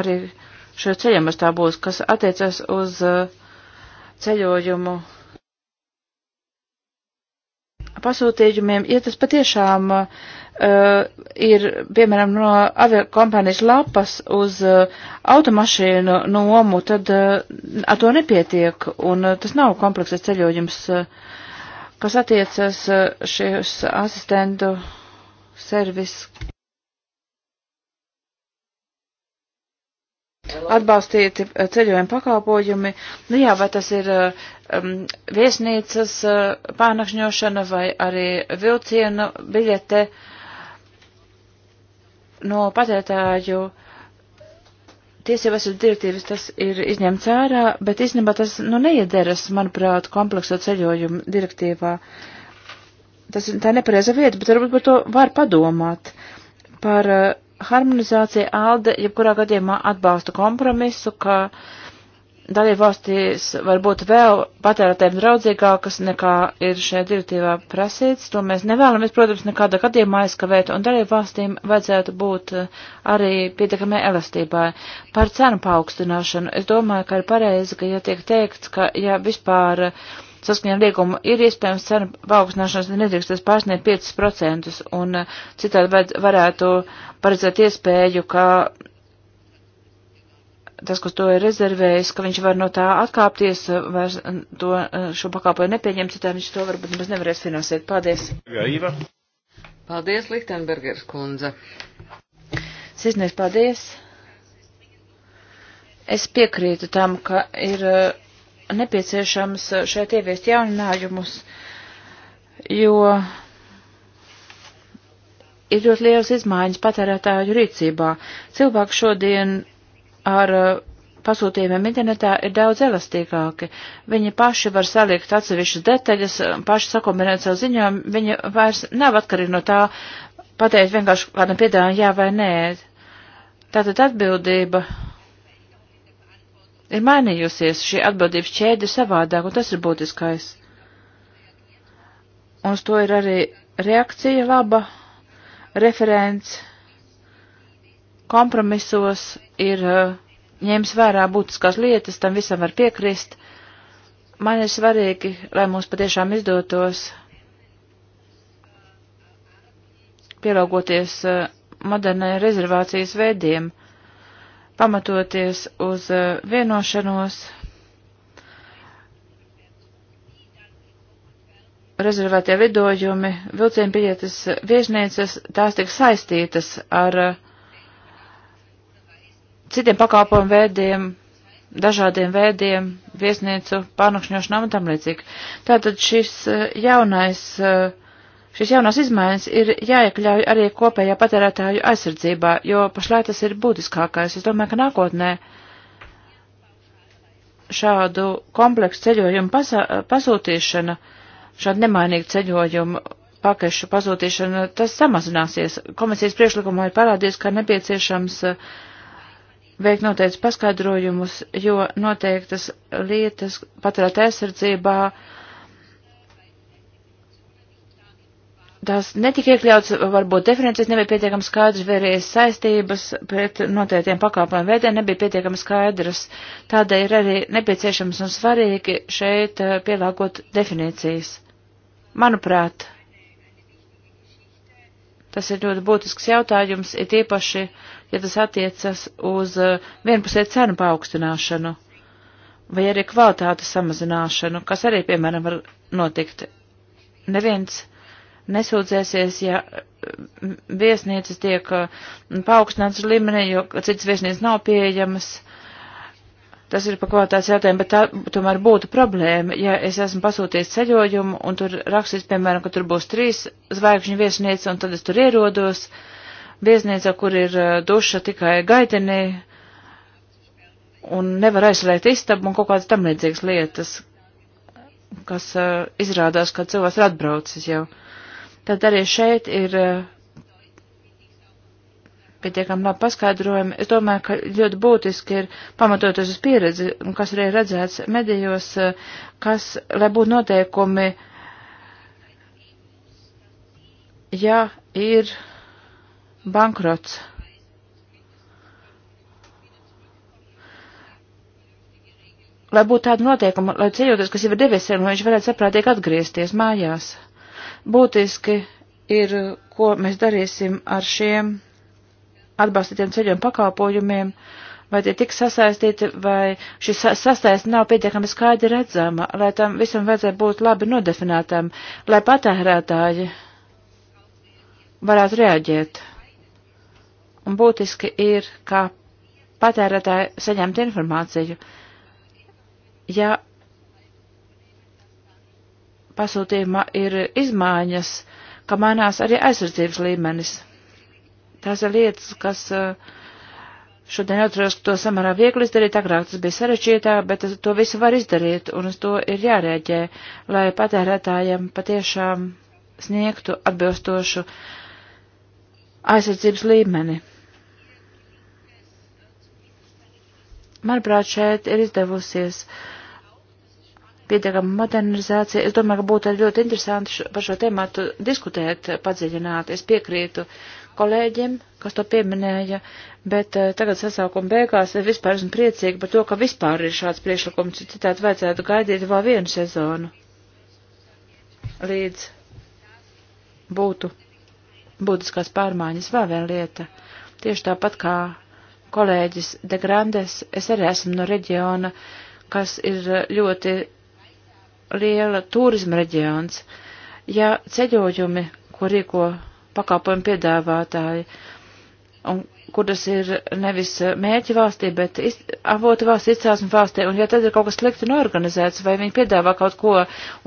arī šajā ceļam tas tā būs, kas attiecas uz ceļojumu pasūtījumiem, ja tas patiešām uh, ir, piemēram, no aviokompānijas lapas uz uh, automašīnu nomu, tad uh, ar to nepietiek, un uh, tas nav komplekses ceļojums, uh, kas attiecas uh, šīs asistentu servis. atbalstīti eh, ceļojumi pakalpojumi. Nu jā, vai tas ir eh, um, viesnīcas uh, pārnakšņošana vai arī vilcienu biļete no patērētāju tiesības un direktīvas tas ir izņemts ārā, bet īstenībā tas nu neiederas, manuprāt, komplekso ceļojumu direktīvā. Tas ir tā nepareiza vieta, bet varbūt par to var padomāt. Par uh, harmonizācija ALDE, jebkurā gadījumā atbalsta kompromisu, ka dalībvalstīs var būt vēl patērētēm draudzīgākas nekā ir šajā direktīvā prasīts. To mēs nevēlamies, protams, nekādā gadījumā aizskavēt, un dalībvalstīm vajadzētu būt eh, arī pietiekamai elastībai. Par cenu paaugstināšanu es domāju, ka ir pareizi, ka ja tiek teikts, ka ja vispār uh, saskaņā ar līgumu ir iespējams cenu paaugstināšanas nedrīkstas pārsniegt 5%, un eh, citādi vajad, varētu paredzēt iespēju, ka tas, kas to ir rezervējis, ka viņš var no tā atkāpties, vairs eh, to eh, šo pakāpoju nepieņem, citādi viņš to varbūt nemaz nevarēs finansēt. Paldies! Gaiva. Paldies, Lichtenbergers kundze! Sisnieks, paldies! Es piekrītu tam, ka ir uh, nepieciešams šeit ieviest jauninājumus, jo ir ļoti liels izmaiņas patērētāju rīcībā. Cilvēki šodien ar uh, pasūtījumiem internetā ir daudz elastīgāki. Viņi paši var salikt atsevišķas detaļas, um, paši sakombinēt savu ziņojumu, viņi vairs nav atkarīgi no tā pateikt vienkārši kādam piedāvājumu jā vai nē. Tātad atbildība ir mainījusies, šī atbildības ķēde ir savādāk, un tas ir būtiskais. Un uz to ir arī reakcija laba, referents kompromisos ir uh, ņēmis vērā būtiskās lietas, tam visam var piekrist. Man ir svarīgi, lai mums patiešām izdotos pielāgoties uh, modernai rezervācijas veidiem pamatoties uz eh, vienošanos rezervētie lidojumi, vilcienu biļetes viesnīcas, tās tiek saistītas ar eh, citiem pakalpojumu veidiem, dažādiem veidiem, viesnīcu pārnakšņošanām un tam līdzīgi. Tātad šis eh, jaunais uh, Šis jaunās izmaiņas ir jāiekļauj arī kopējā patērētāju aizsardzībā, jo pašlaik tas ir būtiskākais. Es domāju, ka nākotnē šādu kompleksu ceļojumu pasā, pasūtīšana, šādu nemainīgu ceļojumu pakešu pasūtīšana, tas samazināsies. Komisijas priekšlikumā ir parādījies, ka nepieciešams eh, veikt noteikts paskaidrojumus, jo noteiktas lietas patērētāju aizsardzībā tās netika iekļauts, varbūt definīcijas nebija pietiekami skaidrs, vai arī saistības pret noteiktiem pakāpojumu veidiem nebija pietiekami skaidras. Tādēļ ir arī nepieciešams un svarīgi šeit eh, pielāgot definīcijas. Manuprāt, tas ir ļoti būtisks jautājums, ir īpaši, ja tas attiecas uz eh, vienpusē cenu paaugstināšanu vai arī kvalitātes samazināšanu, kas arī, piemēram, var notikt. Neviens nesūdzēsies, ja viesnīcas tiek paaugstinātas līmenī, jo citas viesnīcas nav pieejamas. Tas ir par kvalitātes jautājumu, bet tā tomēr būtu problēma, ja es esmu pasūties ceļojumu un tur rakstīts, piemēram, ka tur būs trīs zvaigžņu viesnīca un tad es tur ierodos. Viesnīca, kur ir duša tikai gaitenī un nevar aizslēgt istabu un kaut kādas tam līdzīgas lietas, kas uh, izrādās, ka cilvēks ir atbraucis jau. Uh, Tad arī šeit ir eh, pietiekami labi paskaidrojumi. Es domāju, ka ļoti būtiski ir pamatoties uz pieredzi, kas arī redzēts medijos, eh, kas, lai būtu noteikumi, ja ir bankrots. Lai būtu tāda noteikuma, lai cilvēks, kas jau ir devies, viņš varētu saprātīgi atgriezties mājās. Būtiski ir, ko mēs darīsim ar šiem atbalstītiem ceļiem pakalpojumiem, vai tie tiks sasaistīti, vai šī sasaisti nav pietiekami skaidri redzama, lai tam visam vajadzētu būt labi nodefinētam, lai patērētāji varētu reaģēt. Un būtiski ir, kā patērētāji saņemt informāciju. Ja pasūtījumā ir izmaiņas, ka mainās arī aizsardzības līmenis. Tās ir lietas, kas eh, šodien atceros, ka to samarā viegli izdarīt, agrāk tas bija sarežģītāk, bet to visu var izdarīt, un uz to ir jārēģē, lai patērētājiem patiešām sniegtu atbilstošu aizsardzības līmeni. Manuprāt, šeit ir izdevusies uh, pietiekama modernizācija. Es domāju, ka būtu ļoti interesanti šo, par šo tēmātu diskutēt padziļināt. Es piekrītu kolēģiem, kas to pieminēja, bet eh, tagad sasaukuma beigās es vispār esmu priecīgi par to, ka vispār ir šāds priekšlikums, citādi vajadzētu gaidīt vēl vienu sezonu, līdz būtu būtiskās pārmaiņas. Vēl viena lieta, tieši tāpat kā kolēģis De Grandes, es arī esmu no reģiona, kas ir ļoti liela turisma reģions. Ja ceļojumi, ko rīko pakāpojumu piedāvātāji, un kur tas ir nevis mērķi valstī, bet iz, avotu valsts izcelsmes valstī, un ja tad ir kaut kas slikti norganizēts, vai viņi piedāvā kaut ko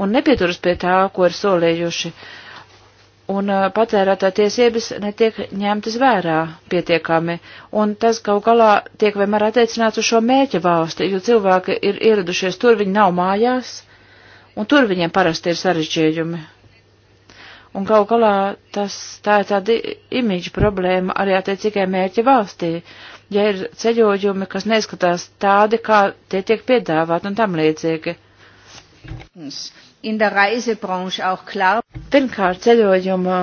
un nepieturas pie tā, ko ir solījuši, un uh, patērētā tiesības netiek ņemtas vērā pietiekami, un tas kaut galā tiek vienmēr attiecināts uz šo mērķa valsti, jo cilvēki ir ieradušies tur, viņi nav mājās, un tur viņiem parasti ir sarežģījumi. Un kaut galā tas, tā ir tāda imīģa problēma arī attiecīgai mērķi valstī, ja ir ceļojumi, kas neizskatās tādi, kā tie tiek piedāvāti un tam līdzīgi. Pirmkārt, ceļojuma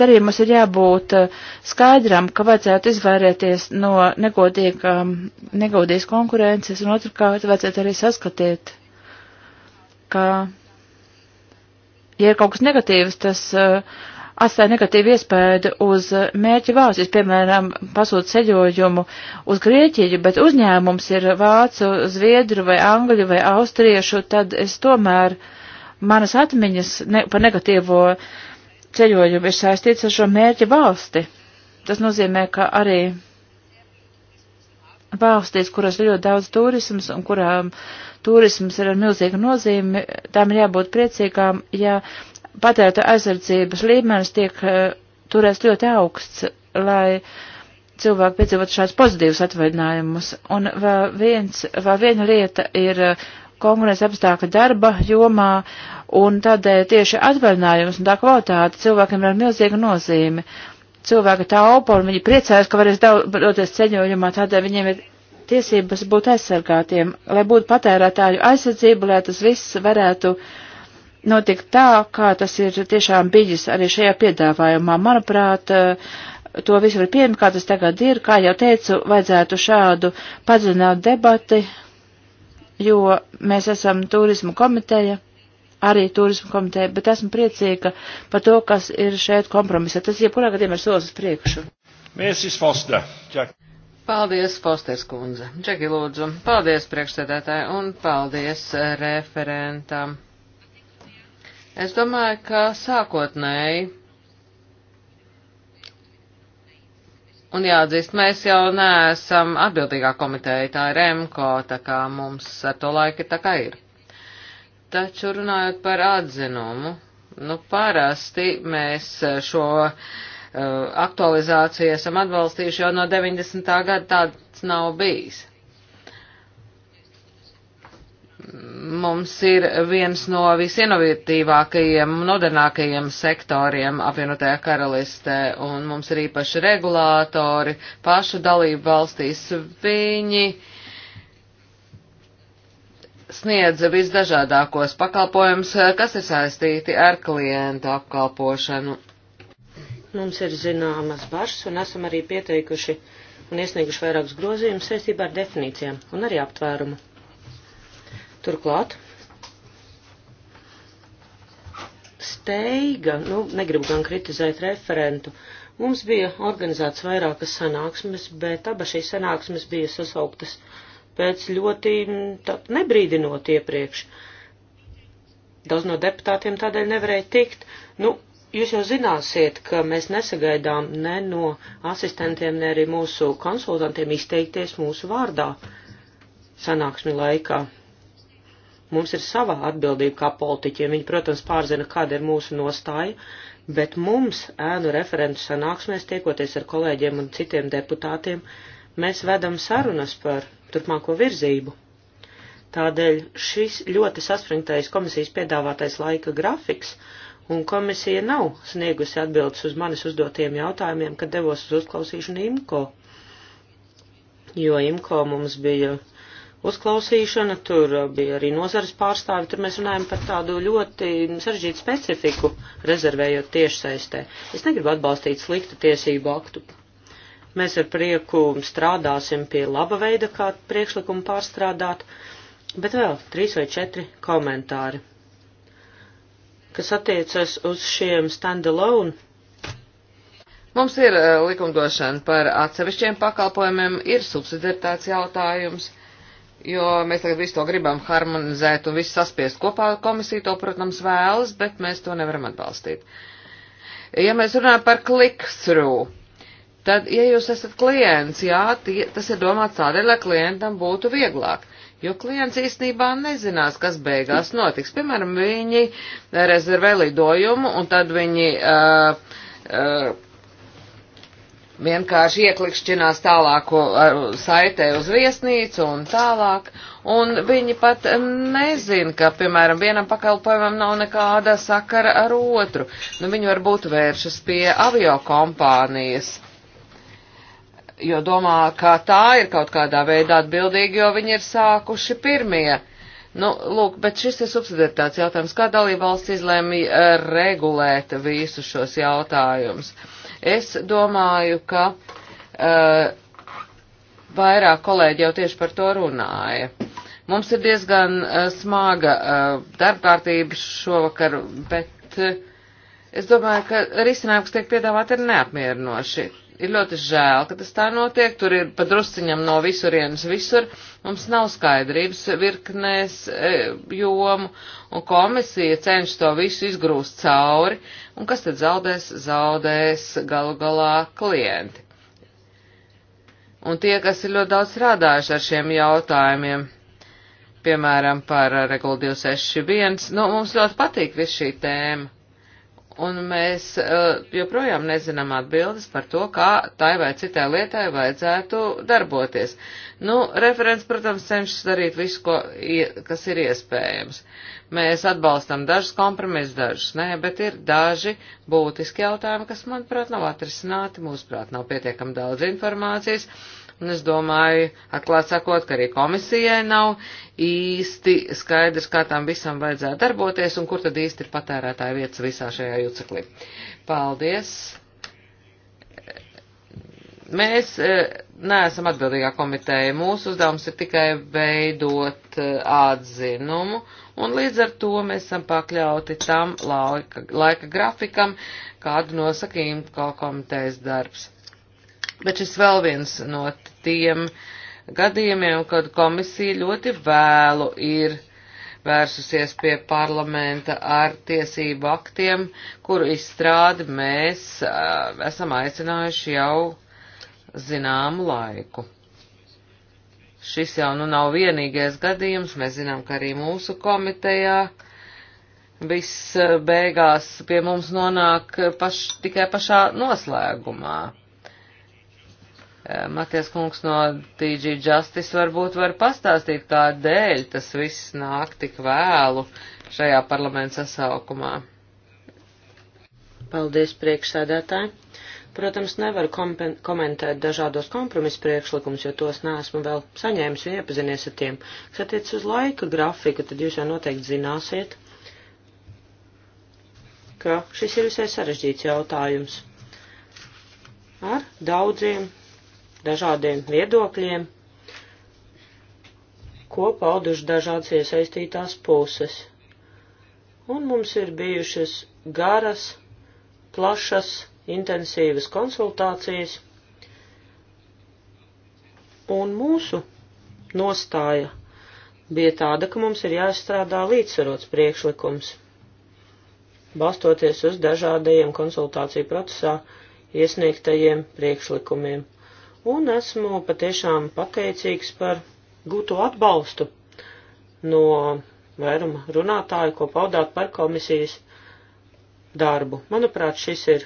darījumus ir jābūt eh, skaidram, ka vajadzētu izvairēties no negodīgas konkurences, un otrkārt vajadzētu arī saskatīt, ka, ja ir kaut kas negatīvs, tas uh, atstāja negatīvu iespēju uz eh, mērķu valstis, piemēram, pasūt ceļojumu uz Grieķiju, bet uzņēmums ir vācu, zviedru vai angļu vai austriešu, tad es tomēr manas atmiņas ne, par negatīvo ceļojumu ir saistīts ar šo mērķu valsti. Tas nozīmē, ka arī valstīs, kuras ļoti daudz turismas un kurām turisms ir ar milzīgu nozīmi, tām ir jābūt priecīgām, ja patērta aizsardzības līmenis tiek uh, turēts ļoti augsts, lai cilvēki piedzīvotu šādus pozitīvus atvaļinājumus. Un vēl, viens, vēl viena lieta ir eh, konkurence apstākļa darba jomā, un tādēļ tieši atvaļinājums un tā kvalitāte cilvēkiem ir ar milzīgu nozīmi cilvēki taupa un viņi priecājas, ka varēs doties ceļojumā, tādēļ viņiem ir tiesības būt aizsargātiem, lai būtu patērētāju aizsardzība, lai tas viss varētu notikt tā, kā tas ir tiešām bijis arī šajā piedāvājumā. Manuprāt, eh, to visu var pieņemt, kā tas tagad ir, kā jau teicu, vajadzētu šādu padzināt debati, jo mēs esam turismu komiteja arī turismu komiteja, bet esmu priecīga par to, kas ir šeit kompromisa. Tas jebkurā gadījumā ir solis uz priekšu. Mērsis Foster. Čak. Paldies, Posters kundze. Džeki lūdzu. Paldies, priekšsēdētāji, un paldies eh, referentam. Es domāju, ka sākotnēji, un jāatzīst, mēs jau neesam atbildīgā komiteja, tā ir MKO, tā kā mums ar to laika tā kā ir. Taču runājot par atzinumu, nu parasti mēs eh, šo uh, Eh, aktualizāciju esam atbalstījuši jau no 90. gada tāds nav bijis. Mums ir viens no visinovatīvākajiem, modernākajiem sektoriem apvienotajā karalistē, un mums ir īpaši regulātori pašu dalību valstīs. Viņi uh, sniedza visdažādākos pakalpojumus, kas ir saistīti ar klientu apkalpošanu. Mums ir zināmas bažas un esam arī pieteikuši un iesnieguši vairākus grozījumus saistībā ar definīcijām un arī aptvērumu. Turklāt steiga, nu, negribu gan kritizēt referentu, mums bija organizēts vairākas sanāksmes, bet abas šīs sanāksmes bija sasauktas pēc ļoti tā, nebrīdinot iepriekš. Daudz no deputātiem tādēļ nevarēja tikt. Nu, Jūs jau zināsiet, ka mēs nesagaidām ne no asistentiem, ne arī mūsu konsultantiem izteikties mūsu vārdā sanāksmi laikā. Mums ir savā atbildība kā politiķiem. Viņi, protams, pārzina, kāda ir mūsu nostāja, bet mums, ēnu referentu sanāksmēs, tiekoties ar kolēģiem un citiem deputātiem, mēs vedam sarunas par turpmāko virzību. Tādēļ šis ļoti saspringtais komisijas piedāvātais laika grafiks un komisija nav sniegusi atbildes uz manis uzdotiem jautājumiem, kad devos uz uzklausīšanu IMCO. Jo IMCO mums bija uzklausīšana, tur bija arī nozares pārstāvi, tur mēs runājam par tādu ļoti sarežģītu specifiku, rezervējot tiešsaistē. Es negribu atbalstīt sliktu tiesību aktu. Mēs ar prieku strādāsim pie laba veida, kā priekšlikumu pārstrādāt, bet vēl trīs vai četri komentāri kas attiecas uz šiem standalone. Mums ir eh, likumdošana par atsevišķiem pakalpojumiem, ir subsidiaritāts jautājums, jo mēs tagad visu to gribam harmonizēt un visu saspiest kopā. Komisija to, protams, vēlas, bet mēs to nevaram atbalstīt. Ja mēs runājam par click-through, tad, ja jūs esat klients, jā, tie, tas ir domāts tādēļ, lai klientam būtu vieglāk jo klients īstenībā nezinās, kas beigās notiks. Piemēram, viņi rezervē lidojumu un tad viņi uh, uh, vienkārši ieklikšķinās tālāko uh, saitē uz viesnīcu un tālāk, un viņi pat nezina, ka, piemēram, vienam pakalpojumam nav nekāda sakara ar otru. Nu, viņi varbūt vēršas pie avio kompānijas jo domā, ka tā ir kaut kādā veidā atbildīga, jo viņi ir sākuši pirmie. Nu, lūk, bet šis ir subsidiaritāts jautājums. Kā dalībvalsts izlēmīja uh, regulēt visus šos jautājumus? Es domāju, ka uh, vairāk kolēģi jau tieši par to runāja. Mums ir diezgan uh, smaga uh, darbkārtība šovakar, bet uh, es domāju, ka risinājums, kas tiek piedāvāt, ir neapmierinoši Ir ļoti žēl, ka tas tā notiek, tur ir padrusciņam no visurienes visur, mums nav skaidrības virknēs e, jomu, un komisija cenš to visu izgrūst cauri, un kas tad zaudēs, zaudēs galu galā klienti. Un tie, kas ir ļoti daudz strādājuši ar šiem jautājumiem, piemēram, par regulu 261, nu, mums ļoti patīk viss šī tēma un mēs eh, joprojām nezinām atbildes par to, kā tai vai citai lietai vajadzētu darboties. Nu, referents, protams, cenšas darīt visu, ko, kas ir iespējams. Mēs atbalstam dažus kompromisus, dažus nē, bet ir daži būtiski jautājumi, kas, manuprāt, nav atrisināti, mūsuprāt, nav pietiekami daudz informācijas un es domāju, atklāt sakot, ka arī komisijai nav īsti skaidrs, kā tam visam vajadzētu darboties un kur tad īsti ir patērētāja vietas visā šajā juceklī. Paldies! Mēs e, neesam atbildīgā komiteja. Mūsu uzdevums ir tikai veidot e, atzinumu, un līdz ar to mēs esam pakļauti tam laika, laika grafikam, kādu nosaka IMCO komitejas darbs. Bet šis vēl viens no tiem gadījumiem, kad komisija ļoti vēlu ir vērsusies pie parlamenta ar tiesību aktiem, kuru izstrādi mēs uh, esam aicinājuši jau zināmu laiku. Šis jau nu nav vienīgais gadījums, mēs zinām, ka arī mūsu komitejā viss beigās pie mums nonāk paš, tikai pašā noslēgumā. Eh, Maties kungs no TG Justice varbūt var pastāstīt, kādēļ tas viss nāk tik vēlu šajā parlamenta sasaukumā. Paldies, priekšsēdētāji. Protams, nevaru komentēt dažādos kompromisu priekšlikumus, jo tos neesmu vēl saņēmis un iepazinies ar tiem. Kas attiec uz laika grafiku, tad jūs jau noteikti zināsiet, ka šis ir visai sarežģīts jautājums. Ar daudziem dažādiem viedokļiem, ko pauduši dažādas iesaistītās puses. Un mums ir bijušas garas, plašas, intensīvas konsultācijas, un mūsu nostāja bija tāda, ka mums ir jāizstrādā līdzsvarots priekšlikums, balstoties uz dažādajiem konsultāciju procesā iesniegtajiem priekšlikumiem un esmu patiešām pateicīgs par gūto atbalstu no vairuma runātāju, ko paudāt par komisijas darbu. Manuprāt, šis ir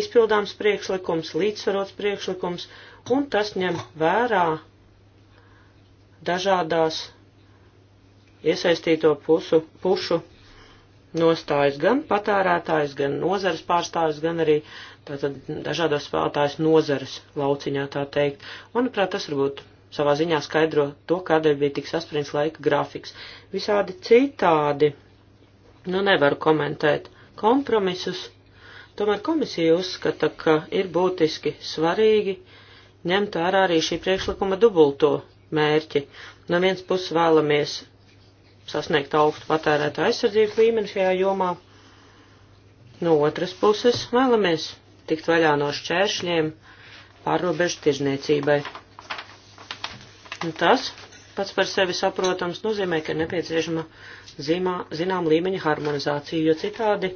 izpildāms priekšlikums, līdzsvarots priekšlikums, un tas ņem vērā dažādās iesaistīto pusu, pušu nostājas gan patērētājs, gan nozars pārstāvis, gan arī uh, tātad dažādos spēlētājs nozares lauciņā, tā teikt. Manuprāt, tas varbūt savā ziņā skaidro to, kādēļ bija tik saspringts laika grafiks. Visādi citādi, nu nevaru komentēt kompromisus, tomēr komisija uzskata, ka ir būtiski svarīgi ņemt ārā arī šī priekšlikuma dubulto mērķi. No viens puses vēlamies sasniegt augstu patērētā aizsardzību līmeni šajā jomā, no otras puses vēlamies tikt vaļā no šķēršļiem pārrobežu tirzniecībai. Un tas pats par sevi saprotams nozīmē, ka ir nepieciešama zīmā, zinām līmeņa harmonizācija, jo citādi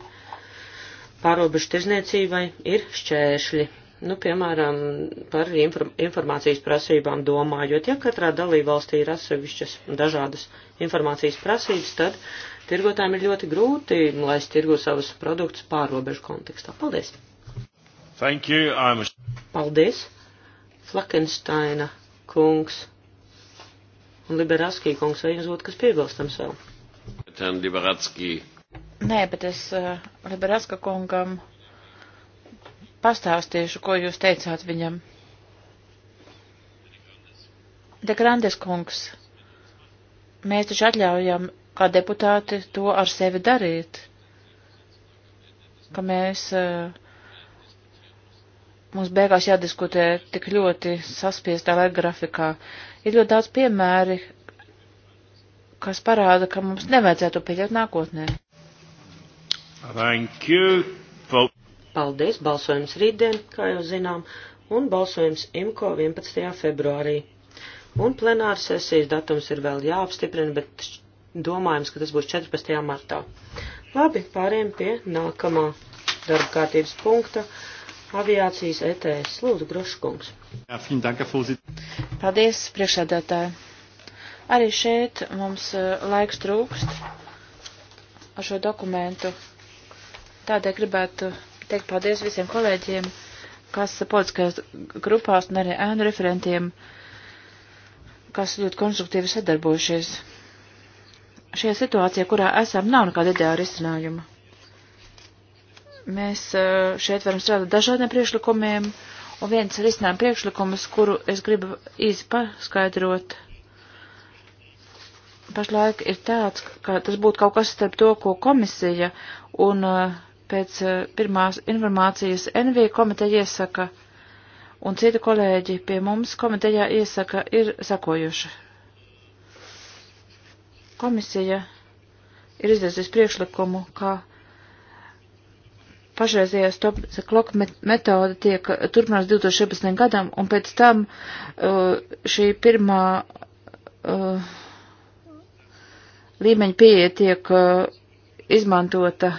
pārobežu tirzniecībai ir šķēršļi. Nu, piemēram, par informācijas prasībām domājot, ja katrā dalībvalstī ir atsevišķas dažādas informācijas prasības, tad tirgotājiem ir ļoti grūti laist tirgu savus produktus pārobežu kontekstā. Paldies! Thank you. I'm... Paldies. Flakensteina kungs un Liberatskī kungs, vai jums būtu kas piebilstams vēl? Ten Liberatskī. Nē, bet es uh, Liberatska kungam pastāstīšu, ko jūs teicāt viņam. De Grandes kungs, mēs taču atļaujam kā deputāti to ar sevi darīt, ka mēs uh, mums beigās jādiskutē tik ļoti saspiestā laika grafikā. Ir ļoti daudz piemēri, kas parāda, ka mums nevajadzētu pieļaut nākotnē. Thank you. Pal Paldies, balsojums rītdien, kā jau zinām, un balsojums IMCO 11. februārī. Un plenāra sesijas datums ir vēl jāapstiprina, bet domājams, ka tas būs 14. martā. Labi, pāriem pie nākamā darba kārtības punkta aviācijas ETS. Lūdzu, Groškungs. Jā, danka, Paldies, priekšādātāji. Arī šeit mums eh, laiks trūkst ar šo dokumentu. Tādēļ gribētu teikt paldies visiem kolēģiem, kas politiskajās grupās un arī ēnu referentiem, kas ļoti konstruktīvi sadarbojušies. Šajā situācijā, kurā esam, nav nekāda ideāla risinājuma. Mēs eh, šeit varam strādāt dažādiem priekšlikumiem, un viens ir izcinājuma priekšlikums, kuru es gribu īsi paskaidrot. Pašlaik ir tāds, ka tas būtu kaut kas starp to, ko komisija un eh, pēc eh, pirmās informācijas NV komiteja iesaka, un citi kolēģi pie mums komitejā iesaka, ir sakojuši. Komisija ir izdarījusi priekšlikumu, ka pašreizējā stop the clock metode tiek turpinās 2017. gadam, un pēc tam uh, šī pirmā uh, līmeņa pieeja tiek uh, izmantota.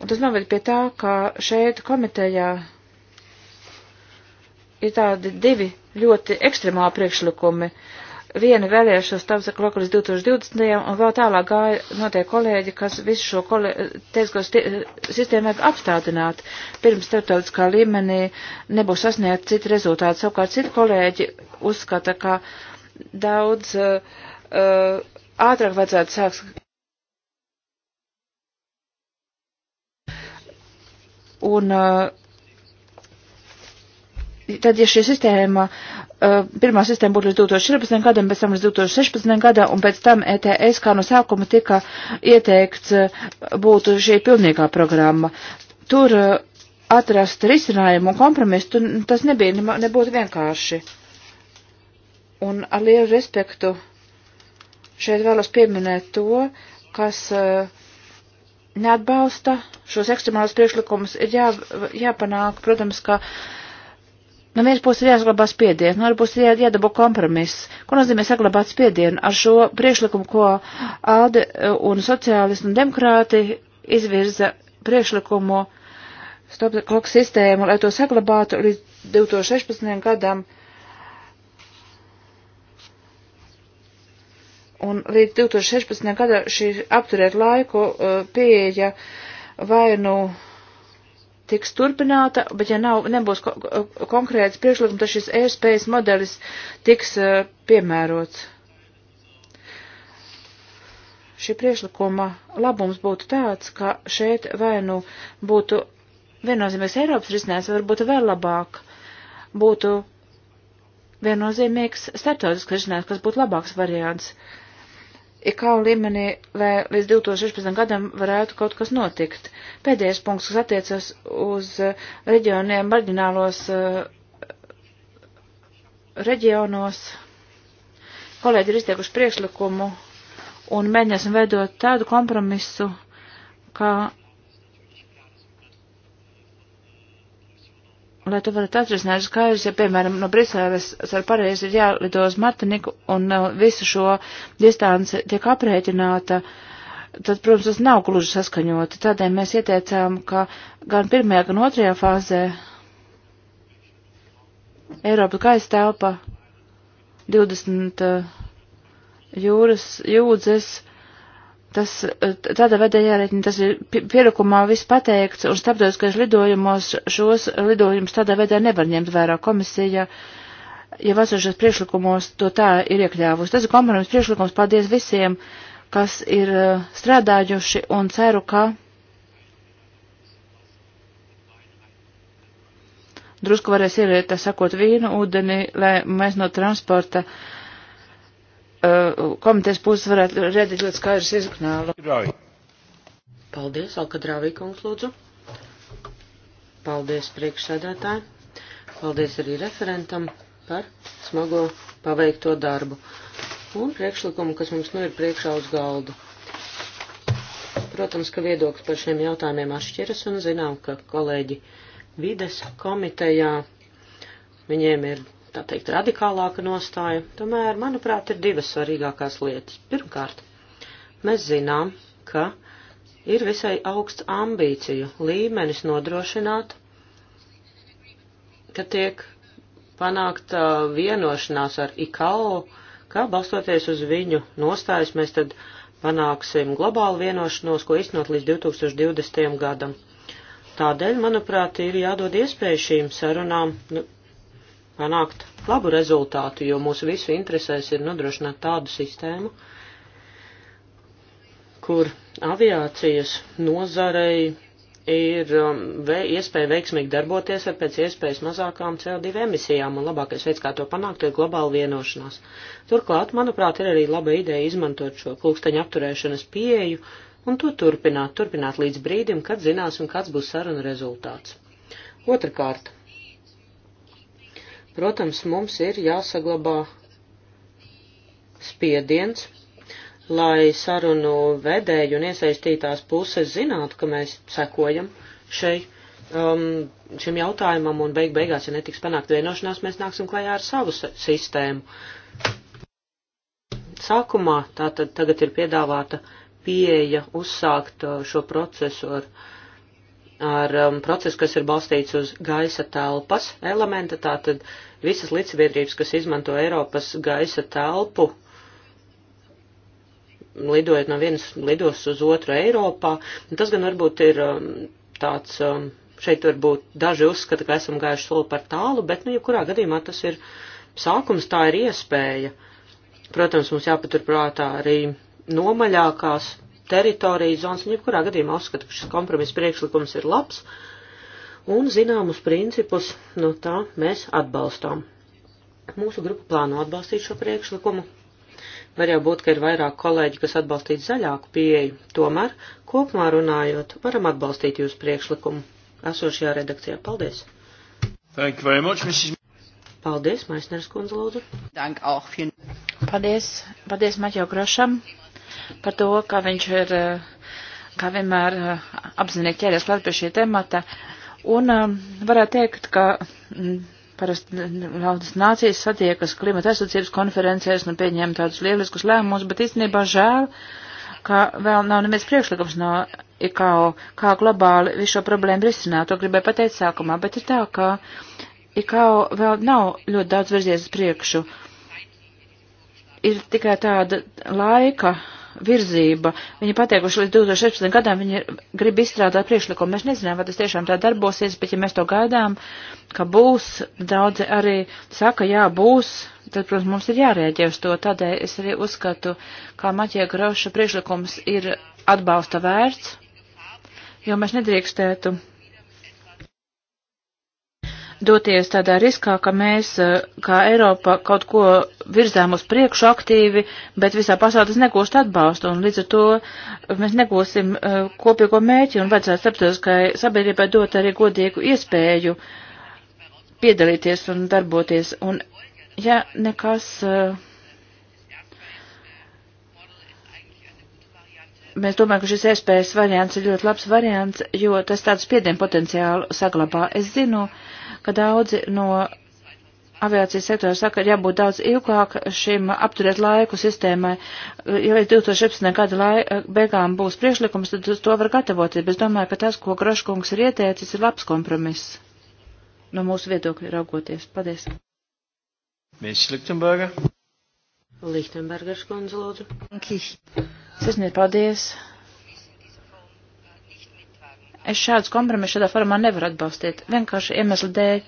Un tas noved pie tā, ka šeit komitejā ir tādi divi ļoti ekstremāli priekšlikumi. Uh, vieni vēlējušos tautsaku lokali līdz 2020. un vēl tālāk gāja notiek kolēģi, kas visu šo kolē... teisko sistēmu vajag apstādināt. Pirms starptautiskā līmenī nebūs sasniegt citi rezultāti. Savukārt citi kolēģi uzskata, ka daudz uh, uh ātrāk vajadzētu sākt. Un uh, tad, ja šī sistēma, uh, pirmā sistēma būtu līdz 2014. gadam, pēc tam līdz 2016. gadam, un pēc tam ETS, kā no sākuma tika ieteikts, uh, būtu šī pilnīgā programma. Tur uh, atrast risinājumu un kompromisu, tas nebija, nebūtu vienkārši. Un ar lielu respektu šeit vēlos pieminēt to, kas neatbalsta šos ekstremālus priekšlikumus, ir jā, jāpanāk, protams, ka uh, No vienas puses ir jāsaglabā spiedienu, no otras puses ir jā, jādabū kompromiss. Ko nozīmē saglabāt spiedienu ar šo priekšlikumu, ko ALDE eh, un sociālisti un demokrāti izvirza priekšlikumu stopkloku sistēmu, lai to saglabātu līdz 2016. gadam un līdz 2016. gadam šī apturēt laiku eh, pieeja vai nu. No tiks turpināta, bet ja nav, nebūs ko, konkrēts priekšlikums, tad šis airspace modelis tiks uh, piemērots. Šī priekšlikuma labums būtu tāds, ka šeit vai nu būtu viennozīmīgs Eiropas risinājums, varbūt vēl labāk būtu viennozīmīgs starptautisks risinājums, kas būtu labāks variants. Uh, IKAU līmenī, lai līdz 2016. gadam varētu kaut kas notikt. Pēdējais punkts, kas attiecas uz uh, reģioniem marģinālos uh, reģionos, kolēģi ir izteikuši priekšlikumu un mēģināsim veidot tādu kompromisu, ka lai tu varētu atrisināt skaidrs, ja, piemēram, no Briseles ar pareizi ir jālido uz Martiniku un uh, visu šo distanci tiek aprēķināta, tad, protams, tas nav gluži saskaņoti. Tādēļ mēs ieteicām, ka gan pirmajā, gan otrajā fāzē Eiropas gaisa telpa 20 uh, jūras jūdzes Tas eh, tādā veidā jārēķina, tas ir pielikumā viss pateikts, un starptautiskajos lidojumos šos lidojumus tādā veidā nevar ņemt vērā komisija, ja vasošos priekšlikumos to tā ir iekļāvusi. Tas ir kompromiss priekšlikums, paldies visiem, kas ir eh, strādājuši, un ceru, ka drusku varēs ieliet, tā sakot, vīnu, ūdeni, lai mēs no transporta uh, Uh, komitejas puses varētu redzēt ļoti skaidrs izgnālu. Paldies, Alkadrāvī kungs, lūdzu. Paldies priekšsēdētāji. Paldies arī referentam par smago paveikto darbu un priekšlikumu, kas mums nu ir priekšā uz galdu. Protams, ka viedoklis par šiem jautājumiem atšķiras un zinām, ka kolēģi vides komitejā viņiem ir tā teikt, radikālāka nostāja. Tomēr, manuprāt, ir divas svarīgākās lietas. Pirmkārt, mēs zinām, ka ir visai augsts ambīciju līmenis nodrošināt, ka tiek panākta vienošanās ar IKO, ka balstoties uz viņu nostājas mēs tad panāksim globālu vienošanos, ko iznot līdz 2020. gadam. Tādēļ, manuprāt, ir jādod iespēju šīm sarunām nu, panākt labu rezultātu, jo mūsu visu interesēs ir nodrošināt tādu sistēmu, kur aviācijas nozarei ir um, vē, iespēja veiksmīgi darboties ar pēc iespējas mazākām CO2 emisijām, un labākais veids, kā to panākt, ir globāla vienošanās. Turklāt, manuprāt, ir arī laba ideja izmantot šo pulksteņu apturēšanas pieeju un to turpināt, turpināt līdz brīdim, kad zināsim, kāds būs saruna rezultāts. Otrakārt, Protams, mums ir jāsaglabā spiediens, lai sarunu vedēju un iesaistītās puses zinātu, ka mēs sekojam šeit um, šim jautājumam, un beig beigās, ja netiks panākt vienošanās, mēs nāksim klajā ar savu sistēmu. Sākumā tātad tagad ir piedāvāta pieeja uzsākt uh, šo procesu ar, ar um, procesu, kas ir balstīts uz gaisa telpas elementa, tātad visas līdzsabiedrības, kas izmanto Eiropas gaisa telpu, lidojot no vienas lidos uz otru Eiropā. Un tas gan varbūt ir um, tāds, um, šeit varbūt daži uzskata, ka esam gājuši soli par tālu, bet, nu, jebkurā gadījumā tas ir sākums, tā ir iespēja. Protams, mums jāpaturprātā arī nomaļākās teritorijas zonas, un jebkurā gadījumā uzskata, ka šis kompromiss priekšlikums ir labs. Uh, un zināmus principus no tā mēs atbalstām. Mūsu grupa plāno atbalstīt šo priekšlikumu. Var jau būt, ka ir vairāk kolēģi, kas atbalstītu zaļāku pieeju, tomēr, kopumā runājot, varam atbalstīt jūsu priekšlikumu esošajā redakcijā. Paldies! Thank you very much, Mrs. Paldies, Maisners kundze, lūdzu. Dank auch, vielen. Paldies, paldies Maķo Grošam par to, ka viņš ir, eh, kā vienmēr, eh, apzinīgi ķēries klāt pie šī temata. Uh, Un um, varētu teikt, ka mm, parasti naudas nācijas satiekas klimata aizsardzības konferencēs un pieņem tādus lieliskus lēmumus, bet īstenībā žēl, ka vēl nav neviens priekšlikums no IKO, kā globāli visu šo problēmu risināt. To gribēju pateikt sākumā, bet ir tā, ka IKO vēl nav ļoti daudz virzies priekšu. Uh, ir tikai tāda laika virzība. Viņi pateikuši, līdz 2016 gadam viņi grib izstrādāt priekšlikumu. Mēs nezinām, vai tas tiešām tā darbosies, bet ja mēs to gaidām, ka būs, daudzi arī saka, jā, būs, tad, protams, mums ir jārēģē uz to. Tādēļ es arī uzskatu, kā Maķie Grauša priekšlikums ir atbalsta vērts, jo mēs nedrīkstētu doties tādā riskā, ka mēs, eh, kā Eiropa, kaut ko virzām uz priekšu aktīvi, bet visā pasaulē tas negūst atbalstu, un līdz ar to mēs negūsim eh, kopīgo mēķi, un vajadzētu starptautiskai sabiedrībai dot arī godīgu iespēju piedalīties un darboties. Un, ja nekas. Eh, mēs domājam, ka šis iespējas variants ir ļoti labs variants, jo tas tādu spiedienu potenciālu saglabā. Es zinu, uh, ka daudzi no aviācijas sektora saka, ir jābūt daudz ilgāk šim apturēt laiku sistēmai. Ja līdz 2017. gada lai, beigām būs priešlikums, tad uz to var gatavoties, bet domāju, ka tas, ko Groškungs ir ieteicis, ir labs kompromiss. No mūsu viedokļa raugoties. Paldies. Mēs Lichtenberga. Lichtenbergers kundze lūdzu. Sasniet, paldies. Es šādus kompromisus šādā formā nevaru atbalstīt. Vienkārši iemeslu dēļ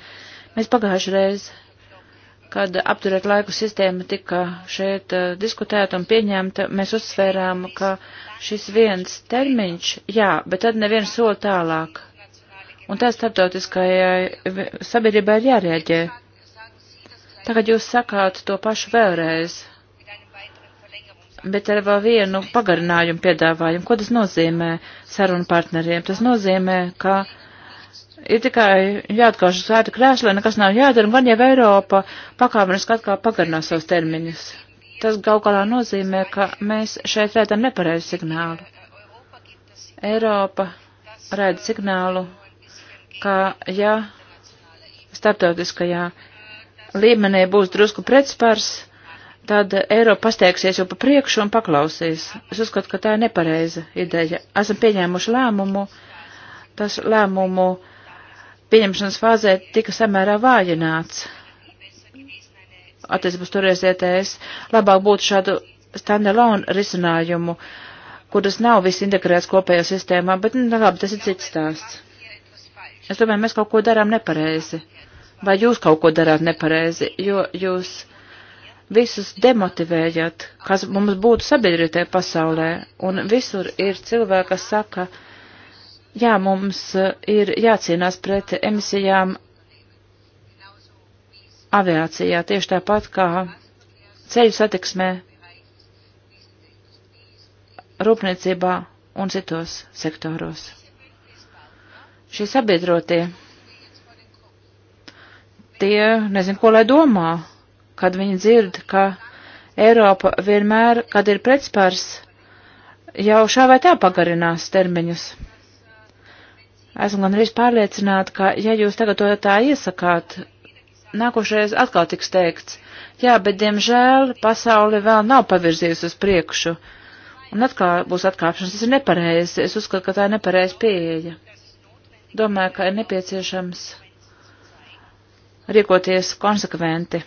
mēs pagājuši reizi, kad apturēt laiku sistēma tika šeit uh, diskutēta un pieņemta, mēs uzsvērām, ka šis viens termiņš, jā, bet tad neviens soli tālāk. Un tā starptautiskajai sabiedrībai ir jārēģē. Tagad jūs sakāt to pašu vēlreiz bet ar vēl vienu pagarinājumu piedāvājumu. Ko tas nozīmē sarunu partneriem? Tas nozīmē, ka ir tikai jāatkauž uz sēta krēslē, nekas nav jādara, un gan jau Eiropa pakāpeniski atkal pagarinās savus termiņus. Tas gal galā nozīmē, ka mēs šeit redzam nepareizu signālu. Eiropa redz signālu, ka ja starptautiskajā līmenī būs drusku pretspārs, tad Eiropa pasteigsies jau pa priekšu un paklausīs. Es uzskatu, ka tā ir nepareiza ideja. Esam pieņēmuši lēmumu, tas lēmumu pieņemšanas fāzē tika samērā vājināts. Attiecībā turies ETS labāk būtu šādu standalone risinājumu, kuras nav viss integrēts kopējā sistēmā, bet nu, labi, tas ir cits stāsts. Es domāju, mēs kaut ko darām nepareizi. Vai jūs kaut ko darāt nepareizi, jo jūs visus demotivējat, kas mums būtu sabiedrītē pasaulē, un visur ir cilvēki, kas saka, jā, mums eh, ir jācīnās pret emisijām aviācijā, tieši tāpat kā ceļu satiksmē, rūpniecībā un citos sektoros. Šie sabiedrotie, tie nezinu, ko lai domā kad viņi dzird, ka Eiropa vienmēr, kad ir pretspārs, jau šā vai tā pagarinās termiņus. Esmu gan arī pārliecināta, ka, ja jūs tagad to tā iesakāt, nākošais atkal tiks teikts, jā, bet, diemžēl, pasauli vēl nav pavirzījusi uz priekšu, un atkal būs atkāpšanas, tas ir nepareizi, es uzskatu, ka tā ir nepareiza pieeja. Domāju, ka ir nepieciešams rīkoties konsekventi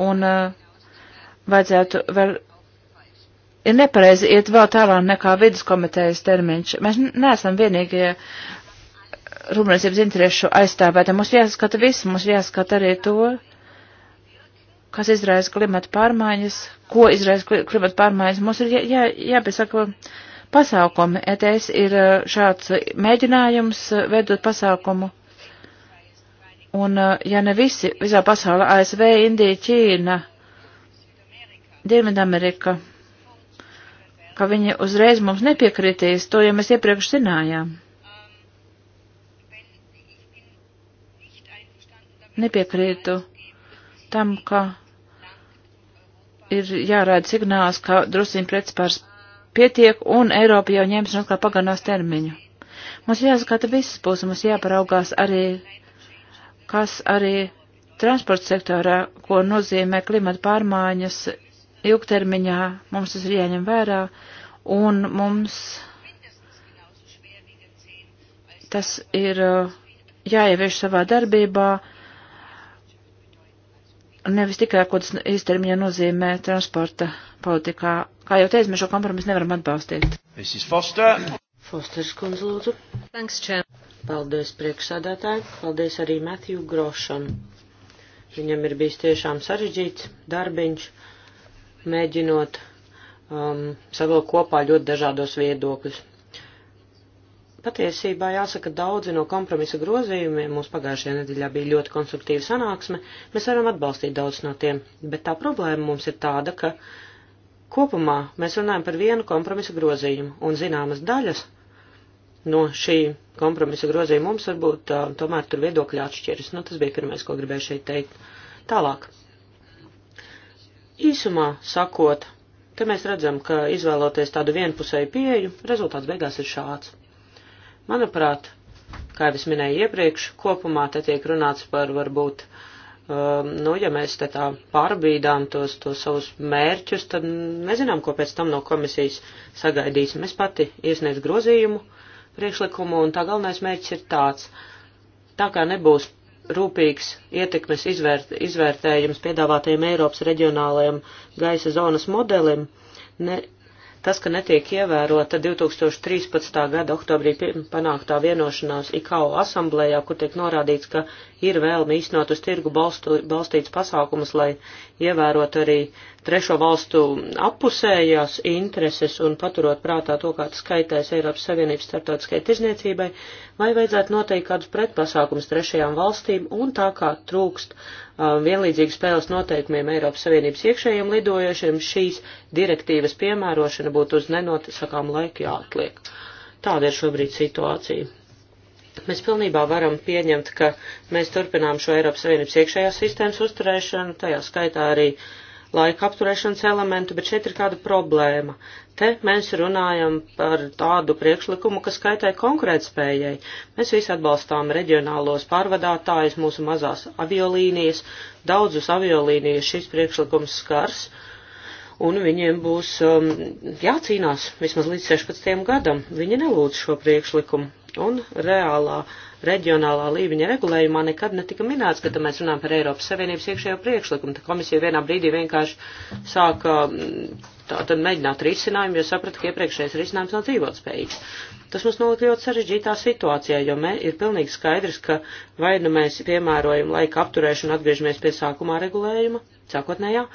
un eh, vajadzētu vēl. Ir nepareizi iet vēl tālāk nekā viduskomitejas termiņš. Mēs neesam vienīgie rūpniecības interesu aizstāvēti. Mums jāskata viss, mums jāskata arī to, kas izraisa klimata pārmaiņas, ko izraisa klimata pārmaiņas. Mums ir jā, jā, jāpiesaka pasākumi. ETS ir eh, šāds mēģinājums eh, veidot pasākumu Un eh, ja ne visi, visā pasaulē, ASV, Indija, Ķīna, Dienvidamerika, ka viņi uzreiz mums nepiekritīs, to jau mēs iepriekš zinājām. Nepiekrītu tam, ka ir jārāda signāls, ka drusciņi pretspārs pietiek un Eiropa jau ņems un atkal paganās termiņu. Mums jāskata visas puses, mums jāparaugās arī kas arī transporta sektorā, ko nozīmē klimata pārmaiņas ilgtermiņā, mums tas ir jāņem vērā, un mums tas ir uh, jāievieš savā darbībā, nevis tikai, ko tas īstermiņā nozīmē transporta politikā. Kā jau teicu, mēs šo kompromisu nevaram atbalstīt. Mrs. Foster. Fosters, kundze, lūdzu. Thanks, Chair. Paldies priekšsādātāji, paldies arī Matiju Grošam. Viņam ir bijis tiešām sarežģīts darbiņš, mēģinot um, savilkt kopā ļoti dažādos viedokļus. Patiesībā jāsaka, daudzi no kompromisa grozījumiem mums pagājušajā nedēļā bija ļoti konstruktīva sanāksme, mēs varam atbalstīt daudz no tiem, bet tā problēma mums ir tāda, ka kopumā mēs runājam par vienu kompromisa grozījumu, un zināmas daļas no šī kompromisa grozījuma mums varbūt uh, tomēr tur viedokļi atšķiras. Nu, tas bija pirmais, ko gribēju šeit teikt. Tālāk. Īsumā sakot, te mēs redzam, ka izvēloties tādu vienpusēju pieeju, rezultāts beigās ir šāds. Manuprāt, kā jau es minēju iepriekš, kopumā te tiek runāts par varbūt, um, nu, ja mēs te tā pārbīdām tos, tos savus mērķus, tad nezinām, ko pēc tam no komisijas sagaidīsim. Es pati iesniedzu grozījumu priekšlikumu, un tā galvenais mērķis ir tāds. Tā kā nebūs rūpīgs ietekmes izvērt, izvērtējums piedāvātajiem Eiropas reģionālajiem gaisa zonas modelim, ne, Tas, ka netiek ievērota 2013. gada oktobrī panāktā vienošanās IKO asamblējā, kur tiek norādīts, ka ir vēlme īstenot uz tirgu balstu, balstīts pasākumus, lai ievērot arī trešo valstu appusējās intereses un paturot prātā to, kā tas skaitēs Eiropas Savienības starptautiskai tirzniecībai, vai vajadzētu noteikt kādus pretpasākumus trešajām valstīm, un tā kā trūkst um, vienlīdzīgi spēles noteikumiem Eiropas Savienības iekšējiem lidojošiem, šīs direktīvas piemērošana būtu uz nenotisakām laiku jāatliek. Tāda ir šobrīd situācija. Mēs pilnībā varam pieņemt, ka mēs turpinām šo Eiropas Savienības iekšējās sistēmas uzturēšanu, tajā skaitā arī laika apturēšanas elementu, bet šeit ir kāda problēma. Te mēs runājam par tādu priekšlikumu, kas skaitai konkurētspējai. Mēs visi atbalstām reģionālos pārvadātājus, mūsu mazās aviolīnijas, daudzus aviolīnijas šis priekšlikums skars, un viņiem būs um, jācīnās vismaz līdz 16. gadam. Viņi nelūdz šo priekšlikumu, un reālā reģionālā līmeņa regulējumā nekad netika minēts, ka mēs runājam par Eiropas Savienības iekšējo priekšlikumu. Tā komisija vienā brīdī vienkārši sāka tā tad mēģināt risinājumu, jo sapratu, ka iepriekšējais risinājums nav dzīvotspējīgs. Tas mums nolika ļoti sarežģītā situācijā, jo mē, ir pilnīgi skaidrs, ka vai nu mēs piemērojam laika apturēšanu, atgriežamies pie sākumā regulējuma, sākotnējā,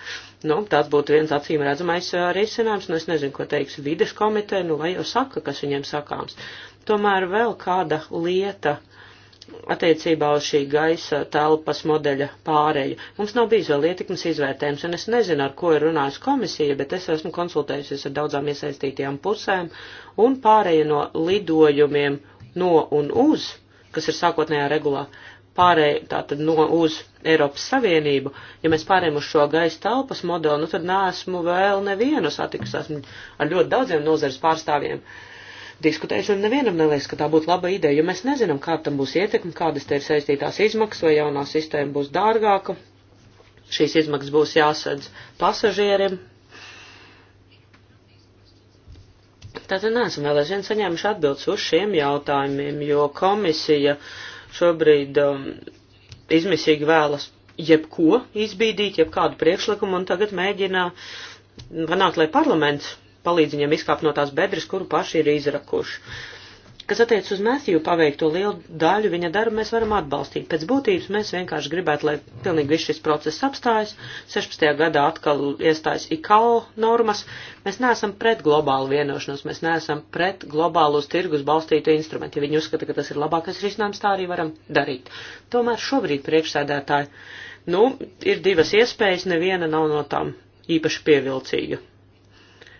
nu, tāds būtu viens acīm redzamais risinājums, nu, es nezinu, ko teiks vides komiteja, nu, lai jau saka, kas viņiem sakāms. Tomēr vēl kāda lieta attiecībā uz šī gaisa telpas modeļa pāreju. Mums nav bijis vēl ietekmes izvērtējums, un es nezinu, ar ko ir runājusi komisija, bet es esmu konsultējusies ar daudzām iesaistītajām pusēm, un pāreja no lidojumiem no un uz, kas ir sākotnējā regulā, pārēja tātad no uz Eiropas Savienību, ja mēs pārējām uz šo gaisa telpas modeli, nu tad neesmu vēl nevienu satikusi, esmu ar ļoti daudziem nozares pārstāvjiem. Uh, diskutējuši, un nevienam neliekas, ka tā būtu laba ideja, jo mēs nezinām, kā tam būs ietekme, kādas te ir saistītās izmaksas, vai jaunā sistēma būs dārgāka, šīs izmaksas būs jāsadz pasažierim. Tātad neesam vēl aizvien saņēmuši atbildes uz šiem jautājumiem, jo komisija šobrīd um, izmisīgi vēlas jebko izbīdīt, jebkādu priekšlikumu, un tagad mēģina panākt, lai parlaments palīdz viņam izkāpt no tās bedres, kuru paši ir izrakuši. Kas attiec uz Mēsiju paveikto lielu daļu viņa darbu, mēs varam atbalstīt. Pēc būtības mēs vienkārši gribētu, lai pilnīgi viss šis process apstājas. 16. gadā atkal iestājas IKO normas. Mēs neesam pret globālu vienošanos, mēs neesam pret globālos tirgus balstītu instrumentu. Ja viņi uzskata, ka tas ir labākais risinājums, tā arī varam darīt. Tomēr šobrīd priekšsēdētāji, nu, ir divas iespējas, neviena nav no tām īpaši pievilcīga.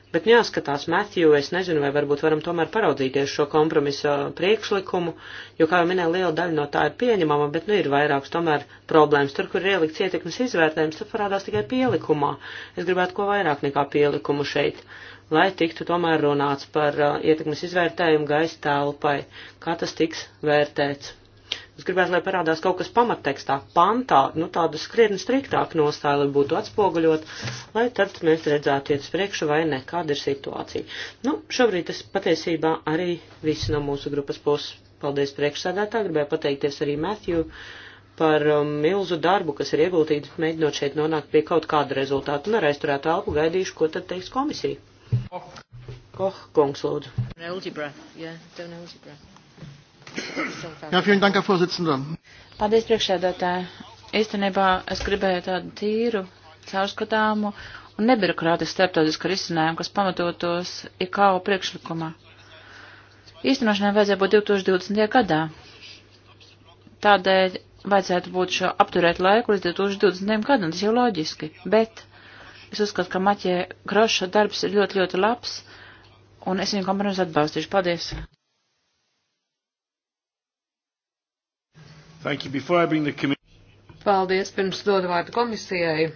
Bet jāskatās, Matthew, es nezinu, vai varbūt varam tomēr paraudzīties šo kompromisa priekšlikumu, jo, kā jau minēja, liela daļa no tā ir pieņemama, bet nu ir vairākas tomēr problēmas. Tur, kur ir ielikts ietekmes izvērtējums, tad parādās tikai pielikumā. Es gribētu ko vairāk nekā pielikumu šeit, lai tiktu tomēr runāts par uh, ietekmes izvērtējumu gaisa telpai, kā tas tiks vērtēts. Es gribētu, lai parādās kaut kas pamattekstā, pantā, nu tādu skrietni striktāk nostāja, lai būtu atspoguļot, lai tad mēs redzētu iet uz priekšu vai ne, kāda ir situācija. Nu, šobrīd tas patiesībā arī viss no mūsu grupas puses. Paldies priekšsēdētā, gribēju pateikties arī Matthew par um, milzu darbu, kas ir ieguldīts, mēģinot šeit nonākt pie kaut kāda rezultāta. Un ar aizturētu elpu gaidīšu, ko tad teiks komisija. Koh, kungs, lūdzu. Algebra, yeah, don't algebra. Jā, vielen dank, Vorsitzender. Paldies, priekšsēdētāji. Īstenībā es gribēju tādu tīru, caurskatāmu un nebirokrātisku starptautisku risinājumu, kas pamatotos IKO priekšlikumā. Īstenošanai vajadzēja būt 2020. gadā. Tādēļ vajadzētu būt šo apturēt laiku līdz 2020. gadam, tas jau loģiski. Bet es uzskatu, ka Maķē Groša darbs ir ļoti, ļoti labs, un es viņu kompromisu atbalstīšu. Paldies! Thank you. Before I bring the committee... Paldies, pirms dodu vārdu komisijai.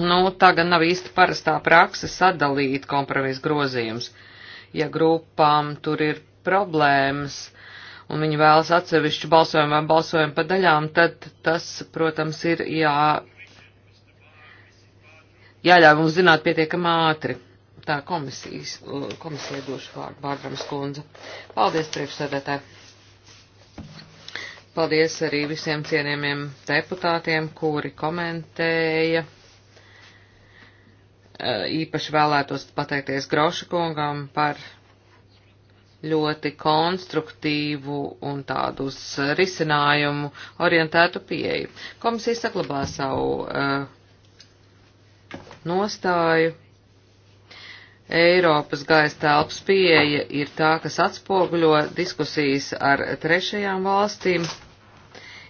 Nu, tagad nav īsti parastā praksa sadalīt kompromisu grozījums. Ja grupām tur ir problēmas un viņi vēlas atsevišķu balsojumu vai balsojumu pa daļām, tad tas, protams, ir jā, jāļauj mums zināt pietiekam ātri. Tā komisijas, komisija došu vārdu Bārdram Skundze. Paldies, priekšsēdētāji! Paldies arī visiem cienījumiem deputātiem, kuri komentēja. Eh, īpaši vēlētos pateikties Groša kungam par ļoti konstruktīvu un tādu uz risinājumu orientētu pieeju. Komisija saglabā savu uh, nostāju Eiropas gaisa telpas pieeja ir tā, kas atspoguļo diskusijas ar trešajām valstīm,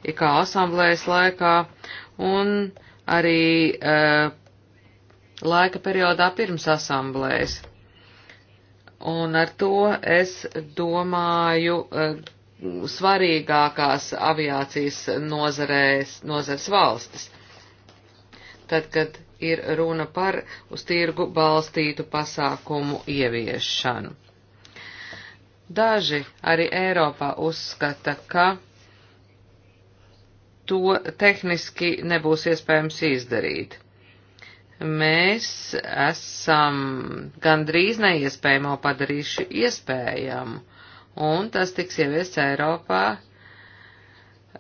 ir kā asamblējas laikā, un arī uh, laika periodā pirms asamblējas. Un ar to es domāju uh, svarīgākās aviācijas nozarēs, nozars valstis. Tad, kad ir runa par uz tirgu balstītu pasākumu ieviešanu. Daži arī Eiropā uzskata, ka to tehniski nebūs iespējams izdarīt. Mēs esam gandrīz neiespējamo padarījuši iespējamu, un tas tiks ieviests Eiropā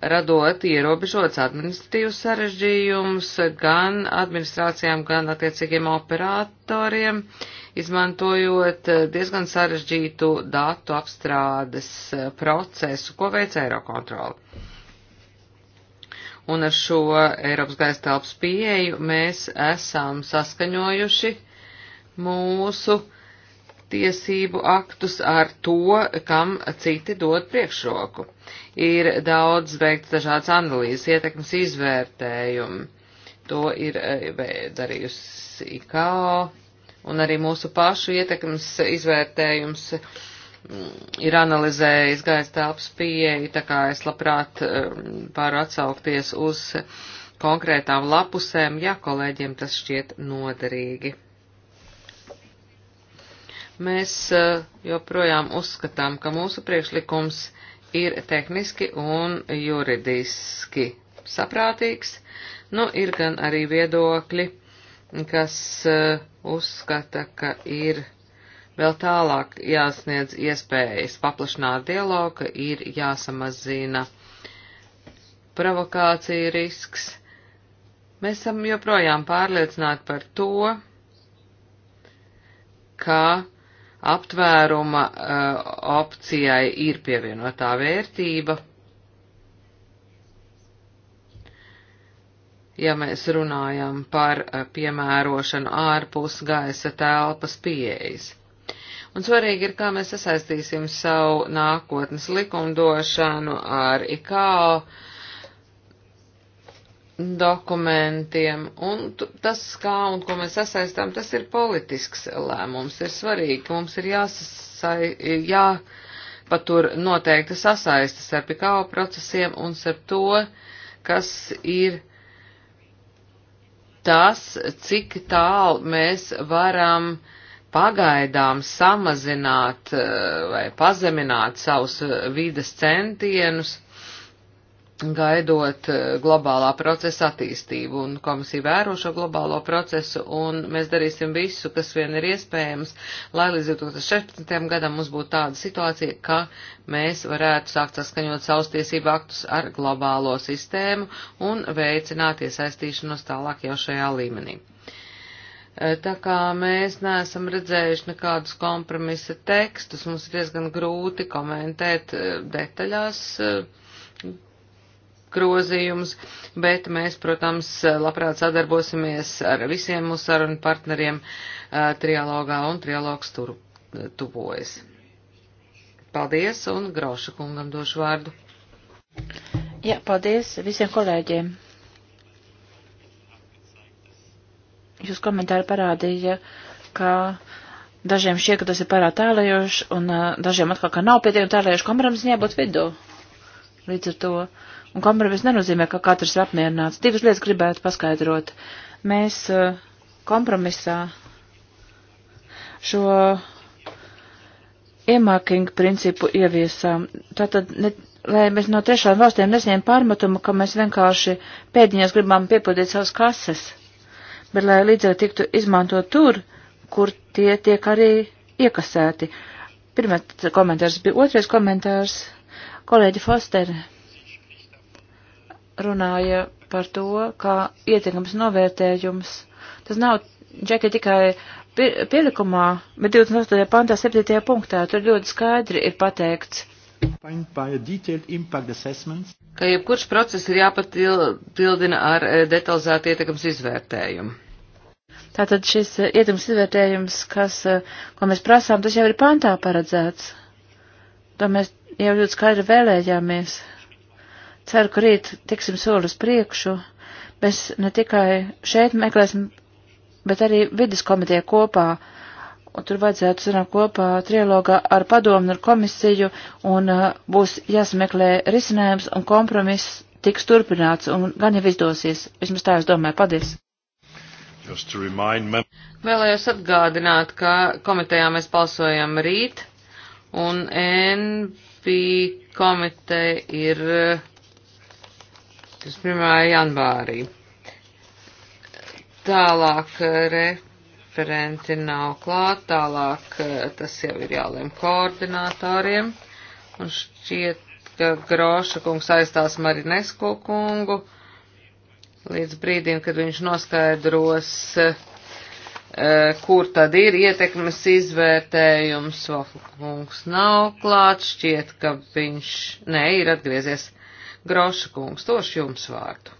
radot ierobežots administratīvus sarežģījumus gan administrācijām, gan attiecīgiem operatoriem, izmantojot eh, diezgan sarežģītu datu apstrādes eh, procesu, ko veic Eirokontrola. Un ar šo Eiropas gaisa telpas pieeju mēs esam saskaņojuši mūsu uh, tiesību aktus ar to, kam citi dod priekšroku. Ir daudz veikts dažādas analīzes, ietekmes izvērtējumi. To ir eh, darījusi IKO, un arī mūsu pašu ietekmes izvērtējums mm, ir analizējis gaisa telpas pieeja, tā kā es labprāt eh, varu atsaukties uz konkrētām lapusēm, ja kolēģiem tas šķiet noderīgi. Mēs eh, joprojām uzskatām, ka mūsu priekšlikums ir tehniski un juridiski saprātīgs. Nu, ir gan arī viedokļi, kas eh, uzskata, ka ir vēl tālāk jāsniedz iespējas paplašināt dialogu, ka ir jāsamazina provokācija risks. Mēs esam joprojām pārliecināti par to, ka aptvēruma eh, opcijai ir pievienotā vērtība. Ja mēs runājam par eh, piemērošanu ārpus gaisa telpas pieejas. Un svarīgi ir, kā mēs sasaistīsim savu nākotnes likumdošanu ar IKO dokumentiem, un tas, kā un ko mēs sasaistām, tas ir politisks lēmums. Ir svarīgi, ka mums ir jāsasai, jāpatur noteikti sasaistas ar pikāvu procesiem un ar to, kas ir tas, cik tālu mēs varam pagaidām samazināt eh, vai pazemināt savus eh, vides centienus, gaidot eh, globālā procesa attīstību, un komisija vēro šo globālo procesu, un mēs darīsim visu, kas vien ir iespējams, lai līdz 2016. gadam mums būtu tāda situācija, ka mēs varētu sākt saskaņot savus tiesību aktus ar globālo sistēmu un veicināt iesaistīšanos tālāk jau šajā līmenī. Eh, tā kā mēs neesam redzējuši nekādus kompromisa tekstus, mums ir diezgan grūti komentēt eh, detaļās grozījumus, bet mēs, protams, labprāt sadarbosimies ar visiem mūsu sarunu partneriem trialogā un trialogs tur tuvojas. Paldies un Grauša kungam došu vārdu. Jā, paldies visiem kolēģiem. Jūs komentāri parādīja, ka dažiem šie, ka tas ir pārāk tālējoši, un uh, dažiem atkal, ka nav pietiekami tālējoši, kameram ziņā būt vidū. Līdz ar to Un kompromiss nenozīmē, ka katrs ir apmierināts. Divas lietas gribētu paskaidrot. Mēs eh, kompromisā šo iemākingu principu ieviesām. Tātad, ne, lai mēs no trešām valstīm nesaņem pārmetumu, ka mēs vienkārši pēdiņās gribam piepildīt savas kases, bet lai līdzekļi tiktu izmantot tur, kur tie tiek arī iekasēti. Pirmais komentārs bija otrais komentārs. Kolēģi Fosteri runāja par to, kā ietekams novērtējums. Tas nav, Džeki, tikai pielikumā, bet 28. pantā 7. punktā tur ļoti skaidri ir pateikts, ka jebkurš process ir jāpatildina ar eh, detalizētu ietekams izvērtējumu. Tātad šis eh, ietekams izvērtējums, kas, eh, ko mēs prasām, tas jau ir pantā paredzēts. To mēs jau ļoti skaidri vēlējāmies. Ceru, ka rīt tiksim soli uz priekšu. Mēs ne tikai šeit meklēsim, bet arī vidas komiteja kopā. Un tur vajadzētu sanākt kopā trilogā ar padomu ar komisiju un uh, būs jāsameklē risinājums un kompromiss tiks turpināts un gan jau izdosies. Vismaz tā es domāju. Paldies! Vēlējos atgādināt, ka komitejā mēs balsojam rīt, un NP komiteja ir uh, 21. janvārī. Tālāk eh, referenti nav klāt, tālāk eh, tas jau ir jālem koordinātoriem, un šķiet, ka Groša kungs aizstās Marinesko kungu līdz brīdim, kad viņš noskaidros, eh, kur tad ir ietekmes izvērtējums. Vafla kungs nav klāt, šķiet, ka viņš, nē, ir atgriezies. Groša kungs, došu jums vārdu.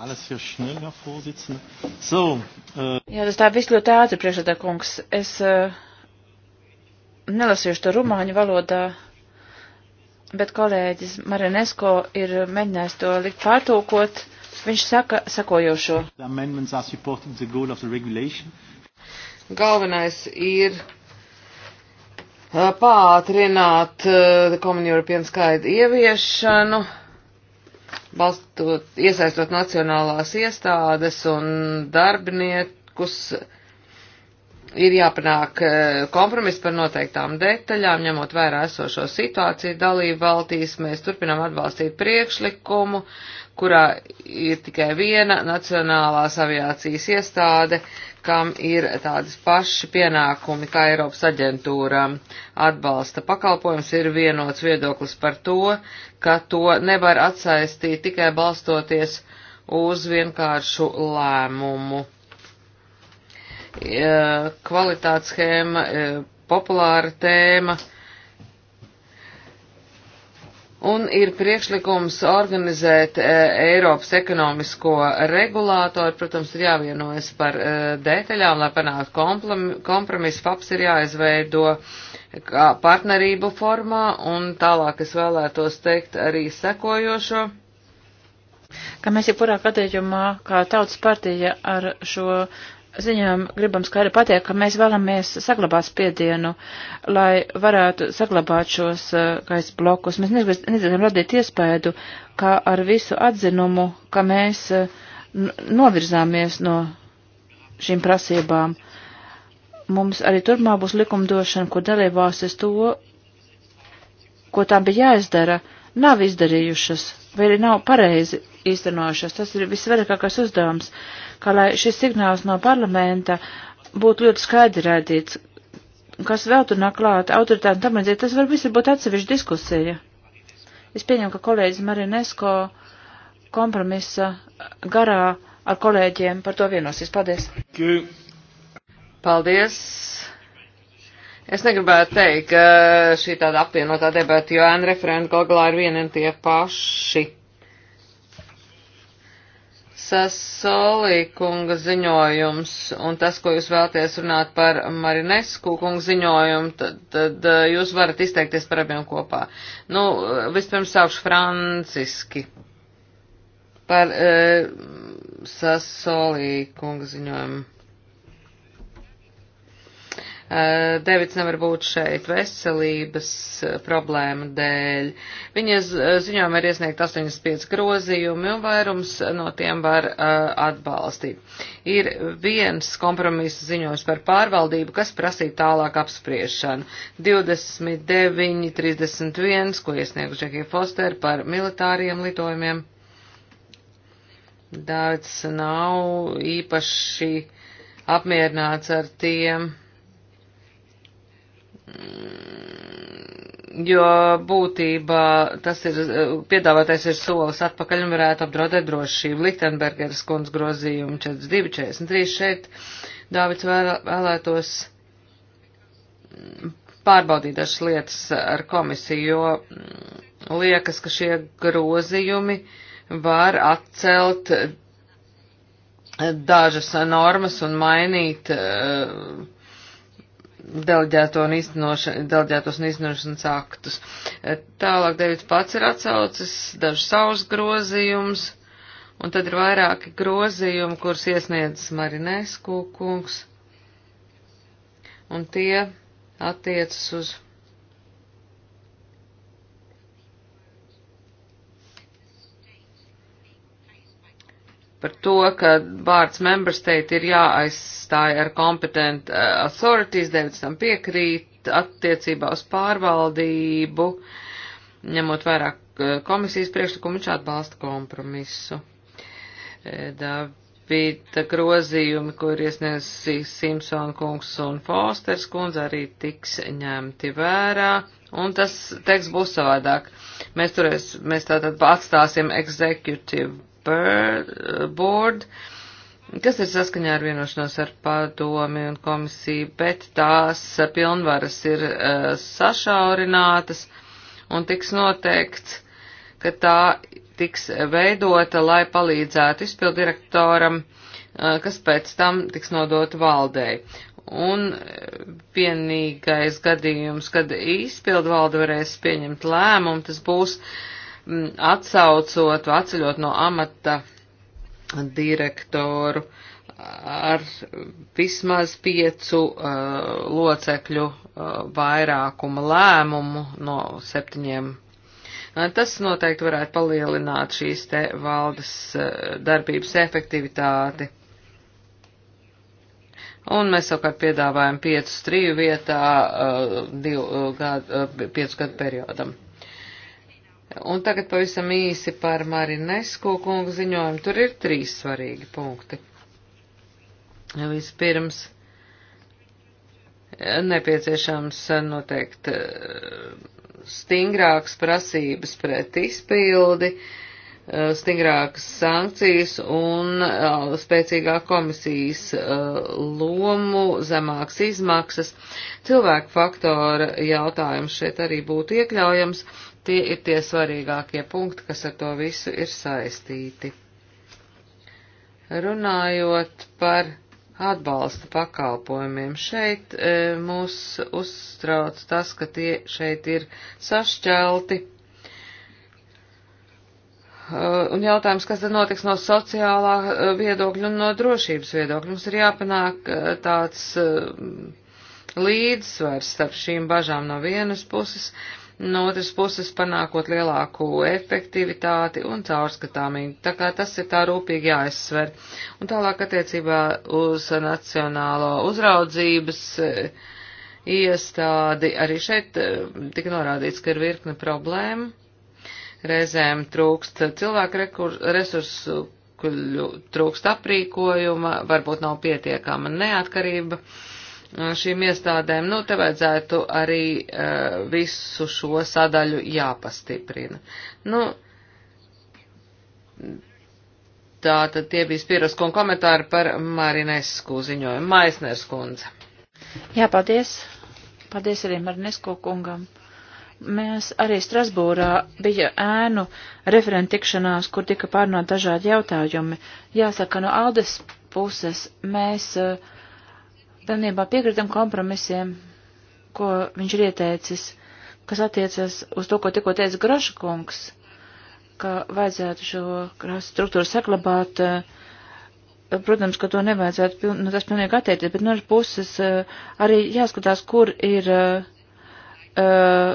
Alles hier schnell, Herr Vorsitzender. So, äh Jā, tas tā viss ļoti ātri, priekšādā kungs. Es äh, nelasīšu to rumāņu valodā, bet kolēģis Marinesko ir mēģinājis to likt pārtūkot. Viņš saka sakojošo. Galvenais ir pātrināt Common European skaidu ieviešanu, balstot, iesaistot nacionālās iestādes un darbiniekus. Ir jāpanāk kompromiss par noteiktām detaļām, ņemot vērā esošo situāciju dalību valstīs. Mēs turpinām atbalstīt priekšlikumu, kurā ir tikai viena nacionālās aviācijas iestāde, uh, kam ir tādas paši pienākumi kā Eiropas aģentūram. Atbalsta pakalpojums ir vienots viedoklis par to, ka to nevar atsaistīt tikai balstoties uz vienkāršu lēmumu. Kvalitātes schēma, eh, populāra tēma un ir priekšlikums organizēt e, Eiropas ekonomisko regulātoru. Protams, ir jāvienojas par e, detaļām, lai panāktu kompromisu. FAPS ir jāizveido kā partnerību formā, un tālāk es vēlētos teikt arī sekojošo. Ka mēs jebkurā gadījumā, kā tautas partija ar šo ziņām gribam skaidri pateikt, ka mēs vēlamies saglabāt spiedienu, lai varētu saglabāt šos eh, gaisa blokus. Mēs nezinām radīt iespēju, ka ar visu atzinumu, ka mēs eh, novirzāmies no šīm prasībām. Mums arī turpmāk būs likumdošana, kur dalībvalstis to, ko tām bija jāizdara, nav izdarījušas, vai arī nav pareizi īstenojušas. Tas ir visvarīgākais uzdevums, kā lai šis signāls no parlamenta būtu ļoti skaidri redzēts, kas vēl tur nāk klāt autoritāti tam redzēt, tas var visi būt atsevišķa diskusija. Es pieņemu, ka kolēģis Marinesko kompromisa garā ar kolēģiem par to vienosies. Paldies! Paldies! Es negribētu teikt, ka šī tāda apvienotā debata, jo ēna referenta galā ir viena un tie paši. Sasolīkunga ziņojums un tas, ko jūs vēlaties runāt par Marinesku kunga ziņojumu, tad, tad eh, jūs varat izteikties par abiem kopā. Nu, eh, vispirms saukšu franciski par e, eh, Sasolīkunga ziņojumu. Eh, Devits nevar būt šeit veselības eh, problēma dēļ. Viņas eh, ziņojumā ir iesniegt 85 grozījumi un vairums no tiem var uh, atbalstīt. Ir viens kompromisa ziņojums par pārvaldību, kas prasīja tālāk apspriešanu. 29, 31, ko iesniegts Džekija Foster par militāriem lidojumiem. Dārts nav īpaši apmierināts ar tiem Mm, jo būtībā tas ir, piedāvātais ir solis atpakaļ un varētu apdraudēt drošību. Lichtenbergeras kundz grozījumu 42, 43 šeit Dāvids vēlētos pārbaudīt dažas lietas ar komisiju, jo mm, liekas, ka šie grozījumi var atcelt dažas normas un mainīt uh, deleģēto un deleģētos un iznošanas aktus. E, tālāk Devits pats ir atsaucis dažus savus grozījumus, un tad ir vairāki grozījumi, kurus iesniedz Marinesku kungs, un tie attiecas uz par to, ka Bārts Member State ir jāaizstāja ar competent eh, authorities, Devits tam piekrīt attiecībā uz pārvaldību, ņemot vairāk eh, komisijas priekšlikumu, viņš atbalsta kompromisu. Eh, Davida grozījumi, kur iesniedzis Simpson kungs un Fosters kundze, arī tiks ņemti vērā un tas teksts būs savādāk. Mēs, turēs, mēs tātad atstāsim executive Board, kas ir saskaņā ar vienošanos ar padomi un komisiju, bet tās pilnvaras ir uh, sašaurinātas un tiks noteikts, ka tā tiks veidota, lai palīdzētu izpildirektoram, uh, kas pēc tam tiks nodota valdei. Un eh, vienīgais gadījums, kad izpildvalde varēs pieņemt lēmumu, tas būs uh, Mm, atsaucot, atceļot no amata direktoru ar vismaz piecu uh, locekļu uh, vairākuma lēmumu no septiņiem. Uh, tas noteikti varētu palielināt šīs te valdes uh, darbības efektivitāti. Un mēs savukārt piedāvājam piecus triju vietā uh, divu uh, gadu, uh, piecu gadu periodam. Un tagad pavisam īsi par Marinesko kungu ziņojumu. Tur ir trīs svarīgi punkti. Vispirms nepieciešams noteikti eh, stingrāks prasības pret izpildi, eh, stingrākas sankcijas un eh, spēcīgāk komisijas lomu, zemāks izmaksas. Cilvēku faktora jautājums šeit arī būtu iekļaujams Tie ir tie svarīgākie punkti, kas ar to visu ir saistīti. Runājot par atbalsta pakalpojumiem, šeit e, mūs uztrauc tas, ka tie šeit ir sašķelti. E, un jautājums, kas tad notiks no sociālā e, viedokļa un no drošības viedokļa? Mums ir jāpanāk e, tāds e, līdzsvars starp šīm bažām no vienas puses no otras puses panākot lielāku efektivitāti un caurskatāmību. Tā kā tas ir tā rūpīgi jāizsver. Un tālāk attiecībā uz nacionālo uzraudzības eh, iestādi arī šeit eh, tika norādīts, ka ir virkne problēma. Reizēm trūkst cilvēku resursu, trūkst aprīkojuma, varbūt nav pietiekama neatkarība šīm iestādēm, nu, te vajadzētu arī uh, visu šo sadaļu jāpastiprina. Nu, tā tad tie bija Spiras un komentāri par Marinesku ziņojumu. Maisners kundze. Jā, paldies. Paldies arī Marinesko kungam. Mēs arī Strasbūrā bija ēnu referenta tikšanās, kur tika pārnot dažādi jautājumi. Jāsaka, no Aldes puses mēs uh, pilnībā piekritam kompromisiem, ko viņš ir ieteicis, kas attiecas uz to, ko tikko teica Graša kungs, ka vajadzētu šo krāsu struktūru saklabāt. Eh, protams, ka to nevajadzētu, piln, nu, tas pilnīgi attiekties, bet no otras puses eh, arī jāskatās, kur ir uh,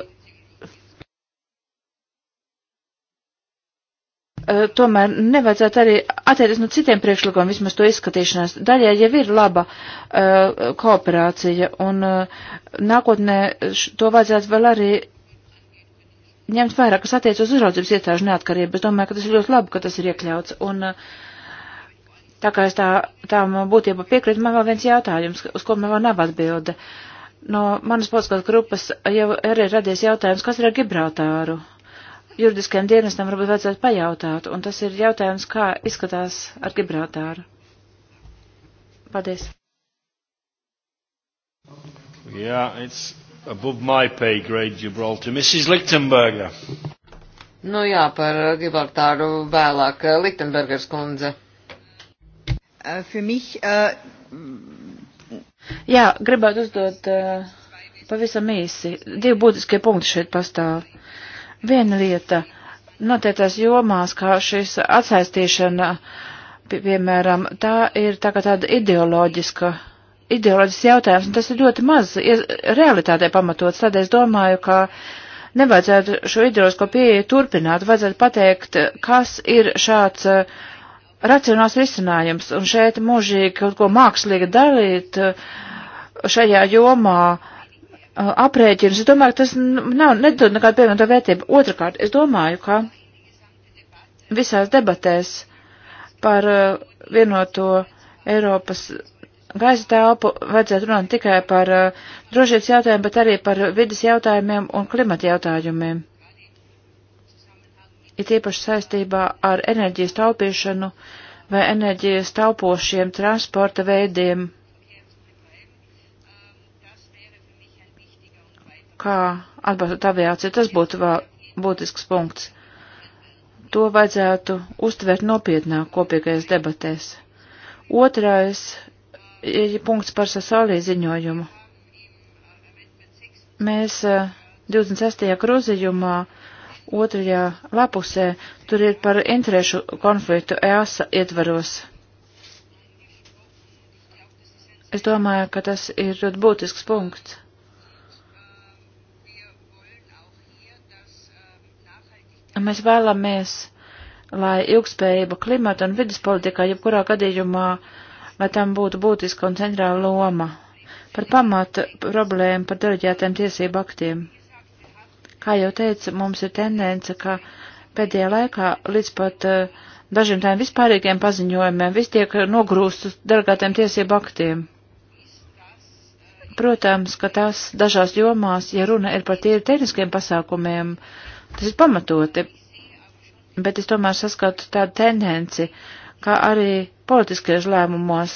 tomēr nevajadzētu arī atceries no citiem priekšlikumiem, vismaz to izskatīšanās. Daļai jau ir laba uh, kooperācija, un uh, nākotnē to vajadzētu vēl arī ņemt vērā, kas attiec uz uzraudzības iestāžu neatkarību. Es domāju, ka tas ir ļoti labi, ka tas ir iekļauts. Un, uh, tā kā es tā, tām būtību piekrītu, man vēl viens jautājums, uz ko man vēl nav atbilde. No manas podskatu grupas jau arī radies jautājums, kas ir ar Gibraltāru? Uh, juridiskajam dienestam varbūt vajadzētu pajautāt, un tas ir jautājums, kā izskatās ar Gibraltāru. Paldies. Yeah, it's above my pay grade, Gibraltar. Mrs. Lichtenberger. Nu jā, par Gibraltāru vēlāk. Eh, Liktenbergers kundze. Uh, mich, uh... Jā, gribētu uzdot uh, pavisam īsi. Divi būtiskie punkti šeit pastāv. Viena lieta noteiktās jomās, kā šis atsaistīšana, pie, piemēram, tā ir tā kā tāda ideoloģiska, ideoloģisks jautājums, un tas ir ļoti maz realitātē pamatots. Tad es domāju, ka nevajadzētu šo ideoloģisko pieeju turpināt, vajadzētu pateikt, kas ir šāds eh, racionāls risinājums, un šeit mūžīgi kaut ko mākslīgi darīt eh, šajā jomā Uh, aprēķinus. Es domāju, ka tas nav, nedod nekādu pievienoto vērtību. Otrakārt, es domāju, ka visās debatēs par uh, vienoto Eiropas gaisa telpu vajadzētu runāt tikai par uh, drošības jautājumiem, bet arī par vidas jautājumiem un klimata jautājumiem. Ir tīpaši saistībā ar enerģijas taupīšanu vai enerģijas taupošiem transporta veidiem kā atbalstot aviāciju, tas būtu vēl būtisks punkts. To vajadzētu uztvert nopietnāk kopīgais debatēs. Otrais ir punkts par Sasolī ziņojumu. Mēs 26. Eh, grozījumā otrajā lapusē tur ir par interešu konfliktu EASA ietvaros. Es domāju, ka tas ir ļoti būtisks punkts. Mēs vēlamies, lai ilgspējība klimata un vidas politikā jebkurā gadījumā, lai tam būtu būtiska un centrāla loma par pamata problēmu par deleģētiem tiesību aktiem. Kā jau teica, mums ir tendence, ka pēdējā laikā līdz pat uh, dažiem tādiem vispārīgiem paziņojumiem viss tiek nogrūst uz delegātiem tiesību aktiem. Protams, ka tās dažās jomās, ja runa ir par tīri tehniskiem pasākumiem, uh, Tas ir pamatoti, bet es tomēr saskatu tādu tendenci, kā arī politiskajos lēmumos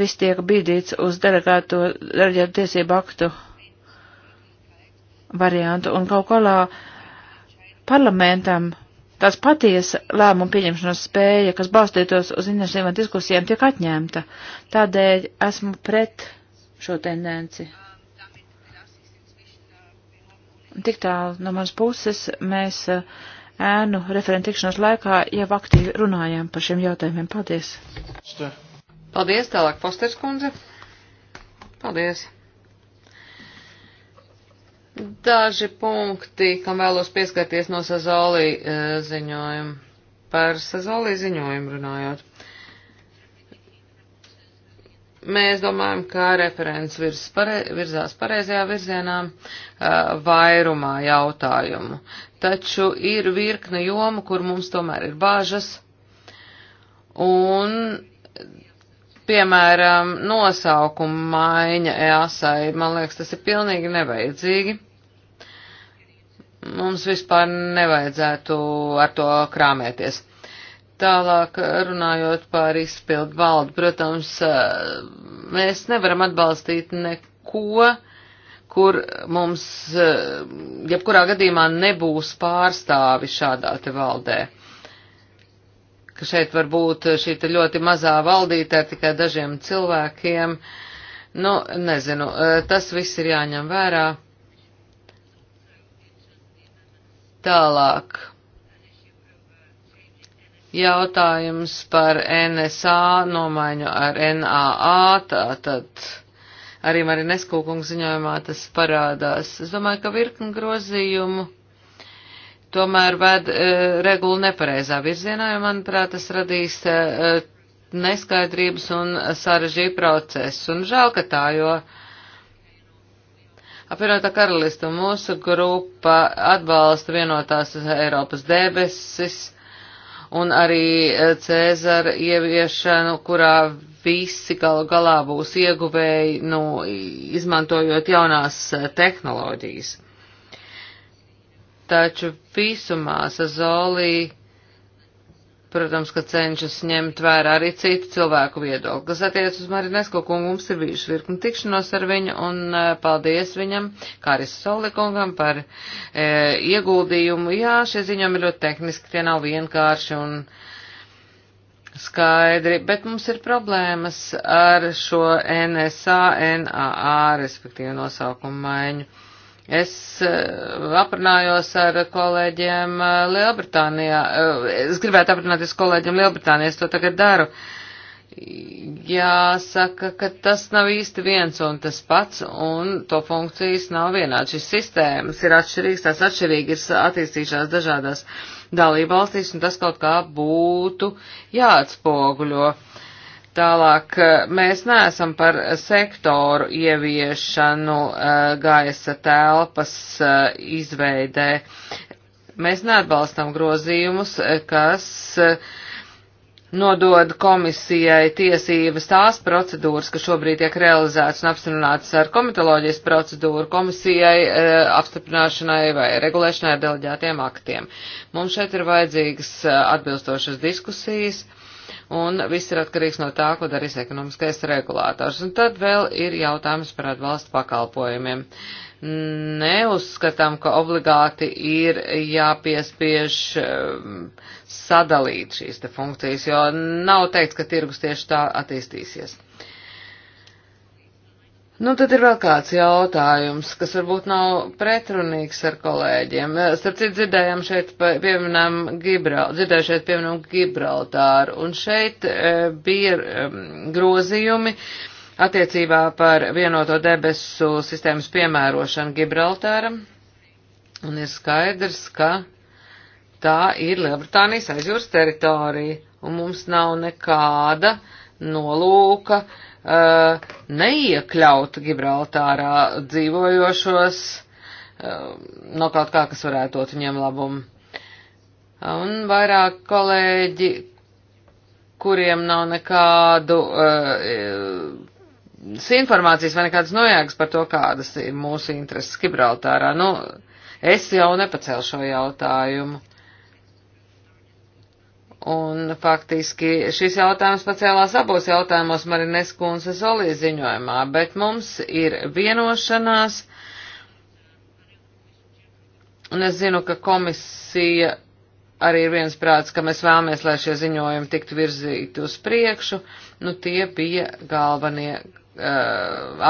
viss tiek bīdīts uz delegēto delegētu tiesību aktu variantu, un kaut kolā parlamentam tās patiesa lēmuma pieņemšanas spēja, kas balstītos uz intensīvām diskusijām, tiek atņemta. Tādēļ esmu pret šo tendenci tik tālu no manas puses mēs eh, ēnu referenta tikšanās laikā jau aktīvi runājām par šiem jautājumiem. Paldies! Paldies, tālāk Posters kundze. Paldies! Daži punkti, kam vēlos pieskarties no Sazolī eh, ziņojuma. Par Sazolī ziņojumu runājot. Uh, Mēs domājam, ka referents virz pare, virzās pareizajā virzienā vairumā jautājumu, taču ir virkne jomu, kur mums tomēr ir bāžas, un, piemēram, nosaukuma maiņa EASAI, man liekas, tas ir pilnīgi nevajadzīgi mums vispār nevajadzētu ar to krāmēties. Tālāk eh, runājot par izpildu valdu, protams, eh, mēs nevaram atbalstīt neko, kur mums, eh, jebkurā gadījumā, nebūs pārstāvi šādā te valdē. Ka šeit var būt šī ļoti mazā valdītē tikai dažiem cilvēkiem. Nu, nezinu, tas viss ir jāņem vērā. Tālāk Jautājums par NSA nomaiņu ar NAA, tātad arī Marines Kūkungs ziņojumā tas parādās. Es domāju, ka virkni grozījumu tomēr ved e, regulu nepareizā virzienā, jo, manuprāt, tas radīs e, e neskaidrības un sarežģīja procesu. Un žēl, ka tā, jo apvienotā karalista mūsu grupa atbalsta vienotās Eiropas debesis un arī eh, Cēzara ieviešanu, kurā visi galu galā būs ieguvēji, nu, izmantojot jaunās eh, tehnoloģijas. Taču visumā Sazolī protams, ka cenšas ņemt vērā arī citu cilvēku viedokli. Kas attiec uz Marinesko kungu, mums ir bijuši virkni tikšanos ar viņu, un e, paldies viņam, kā arī Solikungam, par e, ieguldījumu. Jā, šie ziņojumi ir ļoti tehniski, tie nav vienkārši un skaidri, bet mums ir problēmas ar šo NSA, NAA, respektīvi nosaukumu maiņu. Es eh, aprunājos ar kolēģiem eh, Lielbritānijā. Eh, es gribētu aprunāties kolēģiem Lielbritānijā, es to tagad daru. Jāsaka, ka tas nav īsti viens un tas pats, un to funkcijas nav vienāds. Šis sistēmas ir atšķirīgs, tās atšķirīgi ir attīstījušās dažādās dalībvalstīs, un tas kaut kā būtu jāatspoguļo. Uh, Tālāk, eh, mēs neesam par sektoru ieviešanu eh, gaisa telpas eh, izveidē. Mēs neatbalstam grozījumus, kas nodod komisijai tiesības tās procedūras, kas šobrīd tiek realizētas un apstiprinātas ar komitoloģijas procedūru komisijai e, apstiprināšanai vai regulēšanai ar deleģētiem aktiem. Mums šeit ir vajadzīgas atbilstošas diskusijas un viss ir atkarīgs no tā, ko darīs ekonomiskais regulātors. Un tad vēl ir jautājums par atbalstu pakalpojumiem. Neuzskatām, ka obligāti ir jāpiespiež um, sadalīt šīs te funkcijas, jo nav teikt, ka tirgus tieši tā attīstīsies. Nu, tad ir vēl kāds jautājums, kas varbūt nav pretrunīgs ar kolēģiem. Starp citu, dzirdējām šeit pieminām Gibral, dzirdēju šeit pieminām Gibraltāru, un šeit e, bija e, grozījumi attiecībā par vienoto debesu sistēmas piemērošanu Gibraltāram, un ir skaidrs, ka tā ir Lielbritānijas aizjūras teritorija, un mums nav nekāda nolūka. E, uh, neiekļaut Gibraltārā dzīvojošos uh, no kaut kā, kas varētu dot viņiem labumu. Un vairāk kolēģi, kuriem nav nekādu uh, informācijas vai nekādas nojāgas par to, kādas ir mūsu intereses Gibraltārā. Nu, es jau nepacēlu šo jautājumu. Un faktiski šis jautājums pacēlās abos jautājumos Marines Kunzes Olī ziņojumā, bet mums ir vienošanās, un es zinu, ka komisija arī ir viens prāts, ka mēs vēlamies, lai šie ziņojumi tiktu virzīti uz priekšu, nu tie bija galvenie uh,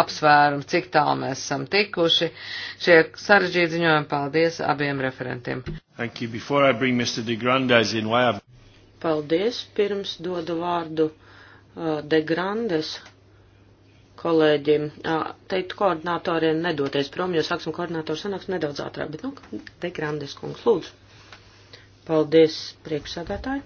apsvērumi, cik tālu mēs esam tikuši. Šie sarežģīti ziņojumi paldies abiem referentiem. Thank you. Before I bring Mr. De Grandes in, why I've Paldies. Pirms dodu vārdu uh, De Grandes kolēģim. Uh, teikt koordinātoriem nedoties prom, jo sāksim koordinātoru sanāks nedaudz ātrāk, bet, nu, De Grandes kungs, lūdzu. Paldies, priekšsādātāji.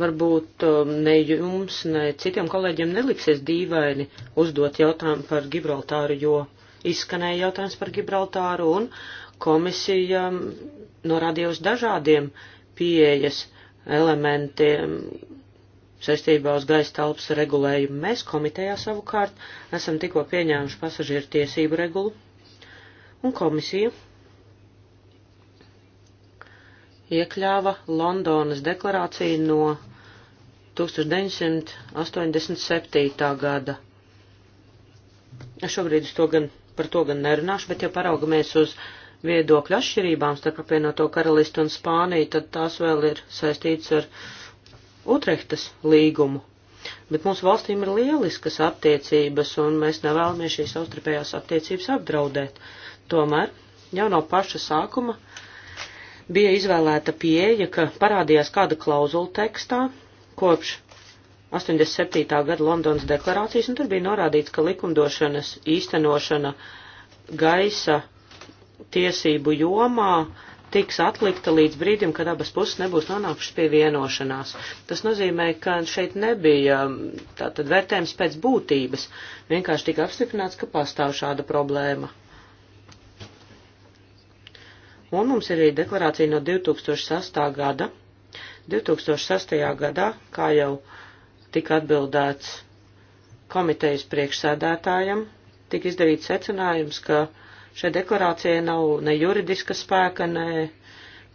Varbūt um, ne jums, ne citiem kolēģiem neliksies dīvaini uzdot jautājumu par Gibraltāru, jo izskanēja jautājums par Gibraltāru un komisija um, norādīja uz dažādiem pieejas elementiem saistībā uz gaisa telpas regulējumu. Mēs komitejā savukārt esam tikko pieņēmuši pasažieru tiesību regulu un komisija iekļāva Londonas deklarāciju no 1987. gada. Es šobrīd to gan, par to gan nerunāšu, bet ja paraugamies uz viedokļu atšķirībām starp apvienoto karalistu un Spāniju, tad tās vēl ir saistītas ar Utrehtas līgumu. Bet mūsu valstīm ir lieliskas attiecības, un mēs nevēlamies šīs savstarpējās attiecības apdraudēt. Tomēr jau no paša sākuma bija izvēlēta pieeja, ka parādījās kāda klauzula tekstā kopš 87. gada Londonas deklarācijas, un tur bija norādīts, ka likumdošanas īstenošana gaisa tiesību jomā tiks atlikta līdz brīdim, kad abas puses nebūs nonākušas pie vienošanās. Tas nozīmē, ka šeit nebija tātad vērtējums pēc būtības, vienkārši tika apstiprināts, ka pastāv šāda problēma. Un mums ir arī deklarācija no 2006. gada. 2006. gadā, kā jau tika atbildēts komitejas priekšsēdētājam, tika izdarīts secinājums, ka šai deklarācijai nav ne juridiska spēka, ne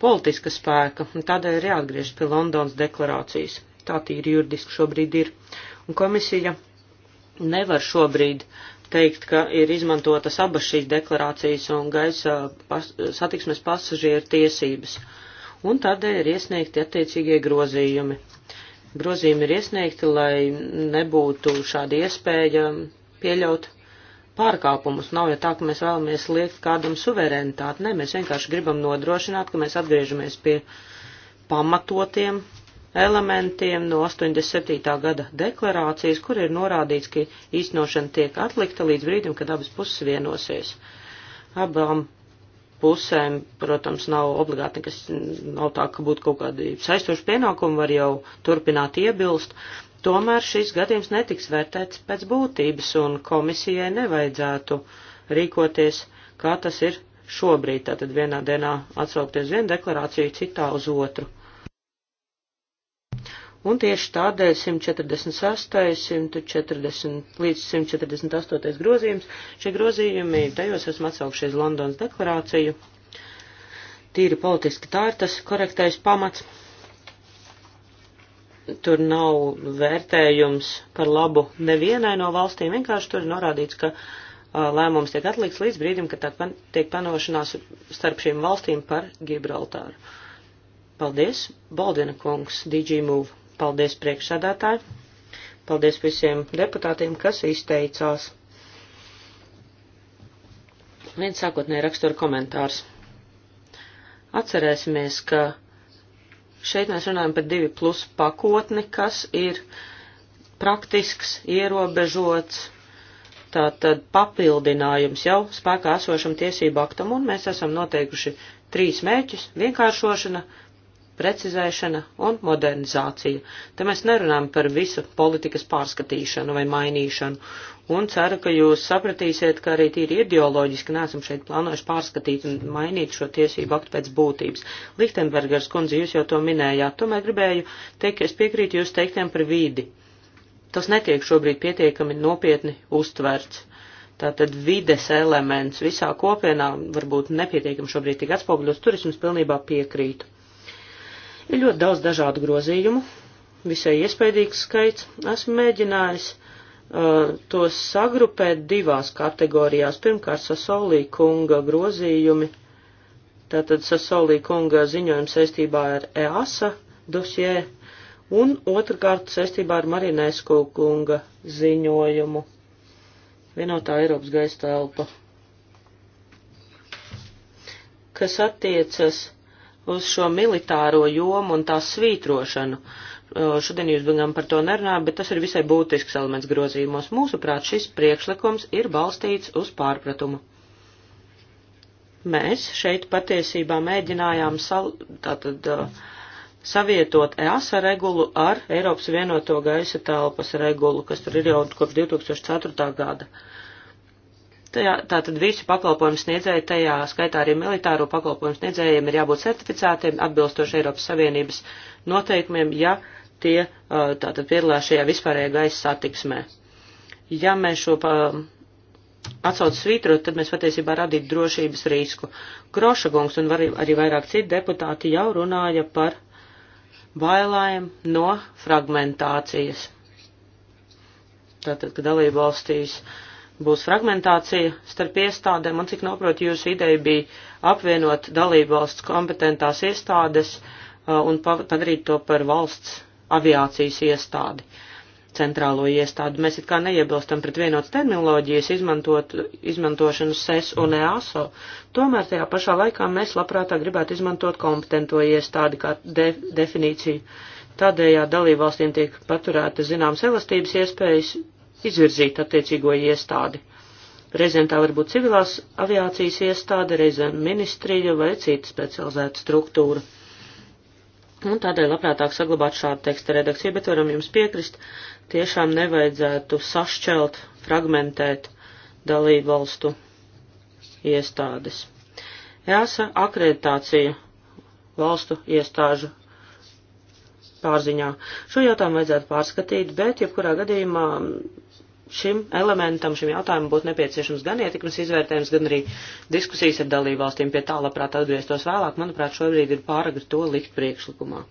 politiska spēka, un tādēļ ir jāatgriežas pie Londonas deklarācijas. Tā tīri juridiski šobrīd ir. Un komisija nevar šobrīd teikt, ka ir izmantotas abas šīs deklarācijas un gaisa pas, satiksmes pasažieru tiesības, un tādēļ ir iesniegti attiecīgie grozījumi. Grozījumi ir iesniegti, lai nebūtu šāda iespēja pieļaut pārkāpumus. Nav jau tā, ka mēs vēlamies liekt kādam suverenitāti, ne, mēs vienkārši gribam nodrošināt, ka mēs atgriežamies pie pamatotiem elementiem no 87. gada deklarācijas, kur ir norādīts, ka īstenošana tiek atlikta līdz brīdim, kad abas puses vienosies. Abām pusēm, protams, nav obligāti nekas, nav tā, ka būtu kaut kādi saistoši pienākumi, var jau turpināt iebilst. Tomēr šis gadījums netiks vērtēts pēc būtības, un komisijai nevajadzētu rīkoties, kā tas ir šobrīd, tātad vienā dienā atsaukties vienu deklarāciju, citā uz otru. Un tieši tādēļ 146, 140 līdz 148 grozījums, šie grozījumi, tajos esmu atsaukšies Londonas deklarāciju. Tīri politiski tā ir tas korektais pamats. Tur nav vērtējums par labu nevienai no valstīm, vienkārši tur ir norādīts, ka uh, lēmums tiek atlikts līdz brīdim, kad tā pan, tiek panošanās starp šīm valstīm par Gibraltāru. Paldies, Baldina kungs, DG Move. Paldies priekšsēdētāji. Paldies visiem deputātiem, kas izteicās. Viens sākotnēji rakstura komentārs. Atcerēsimies, ka šeit mēs runājam par divi plus pakotni, kas ir praktisks, ierobežots, tātad papildinājums jau spēkā esošam tiesību aktam, un mēs esam noteikuši trīs mēķus - vienkāršošana, precizēšana un modernizācija. Te mēs nerunājam par visu politikas pārskatīšanu vai mainīšanu, un ceru, ka jūs sapratīsiet, ka arī tīri ideoloģiski nesam šeit plānojuši pārskatīt un mainīt šo tiesību aktu pēc būtības. Lichtenbergers kundze, jūs jau to minējāt, tomēr gribēju teikt, ka es piekrītu jūs teiktiem par vīdi. Tas netiek šobrīd pietiekami nopietni uztverts. Tātad vides elements visā kopienā varbūt nepietiekam šobrīd tik atspoguļos, tur es jums pilnībā piekrītu. Ir ļoti daudz dažādu grozījumu, visai iespaidīgs skaits. Esmu mēģinājis uh, tos sagrupēt divās kategorijās. Pirmkārt, Sasolī kunga grozījumi, tātad Sasolī kunga ziņojums saistībā ar EASA dosjē, un otrkārt saistībā ar Marinēsku kunga ziņojumu. Vienotā Eiropas gaisa telpa, kas attiecas uz šo militāro jomu un tās svītrošanu. Šodien jūs gan par to nerunājam, bet tas ir visai būtisks elements grozījumos. Mūsuprāt, šis priekšlikums ir balstīts uz pārpratumu. Mēs šeit patiesībā mēģinājām sal, tātad, savietot EASA regulu ar Eiropas vienoto gaisa telpas regulu, kas tur ir jau kopš 2004. gada. Tātad visi pakalpojumu sniedzēji, tajā skaitā arī militāro pakalpojumu sniedzējiem, ir jābūt certificētiem atbilstoši Eiropas Savienības noteikumiem, ja tie uh, tātad piedalās šajā vispārējā gaisa satiksmē. Ja mēs šo pa, atsaucu svītrot, tad mēs patiesībā radītu drošības risku. Krošagungs un var, arī vairāk citi deputāti jau runāja par bailēm no fragmentācijas. Tātad, ka dalība valstīs uh, būs fragmentācija starp iestādēm, un cik noprotu, jūsu ideja bija apvienot dalībvalsts kompetentās iestādes uh, un padarīt to par valsts aviācijas iestādi, centrālo iestādi. Mēs it kā neiebilstam pret vienotas terminoloģijas izmantot, izmantošanu SES un EASO, tomēr tajā pašā laikā mēs labprātāk gribētu izmantot kompetento iestādi kā de, definīciju. Tādējādi dalībvalstīm tiek paturēta zināmas elastības iespējas izvirzīt attiecīgo iestādi. Reizēm tā var būt civilās aviācijas iestāde, reizēm ministrija vai cita specializēta struktūra. Un tādēļ labprātāk saglabāt šādu teksta redakciju, bet varam jums piekrist, tiešām nevajadzētu sašķelt, fragmentēt dalību valstu iestādes. Jāsa akreditācija valstu iestāžu pārziņā. Šo jautājumu vajadzētu pārskatīt, bet jebkurā gadījumā šim elementam, šim jautājumam būtu nepieciešams gan ietekmes izvērtējums, gan arī diskusijas ar dalībvalstīm. Pie tā labprāt atgrieztos vēlāk. Manuprāt, šobrīd ir pāragri to likt priekšlikumā.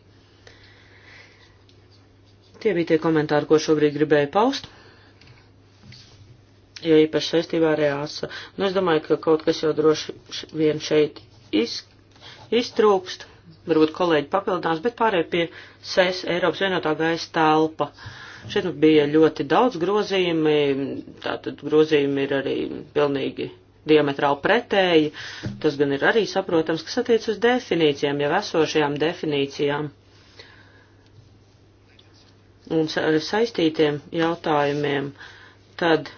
Tie bija tie komentāri, ko šobrīd gribēju paust. Ja īpaši saistībā ar EASA. Nu, es domāju, ka kaut kas jau droši vien šeit iz, iztrūkst. Varbūt kolēģi papildinās, bet pārējie pie SES Eiropas vienotā gaisa telpa. Uh, Šeit bija ļoti daudz grozījumi, tātad grozījumi ir arī pilnīgi diametrāli pretēji. Tas gan ir arī saprotams, kas attiec uz definīcijām, jau esošajām definīcijām un ar saistītiem jautājumiem, tad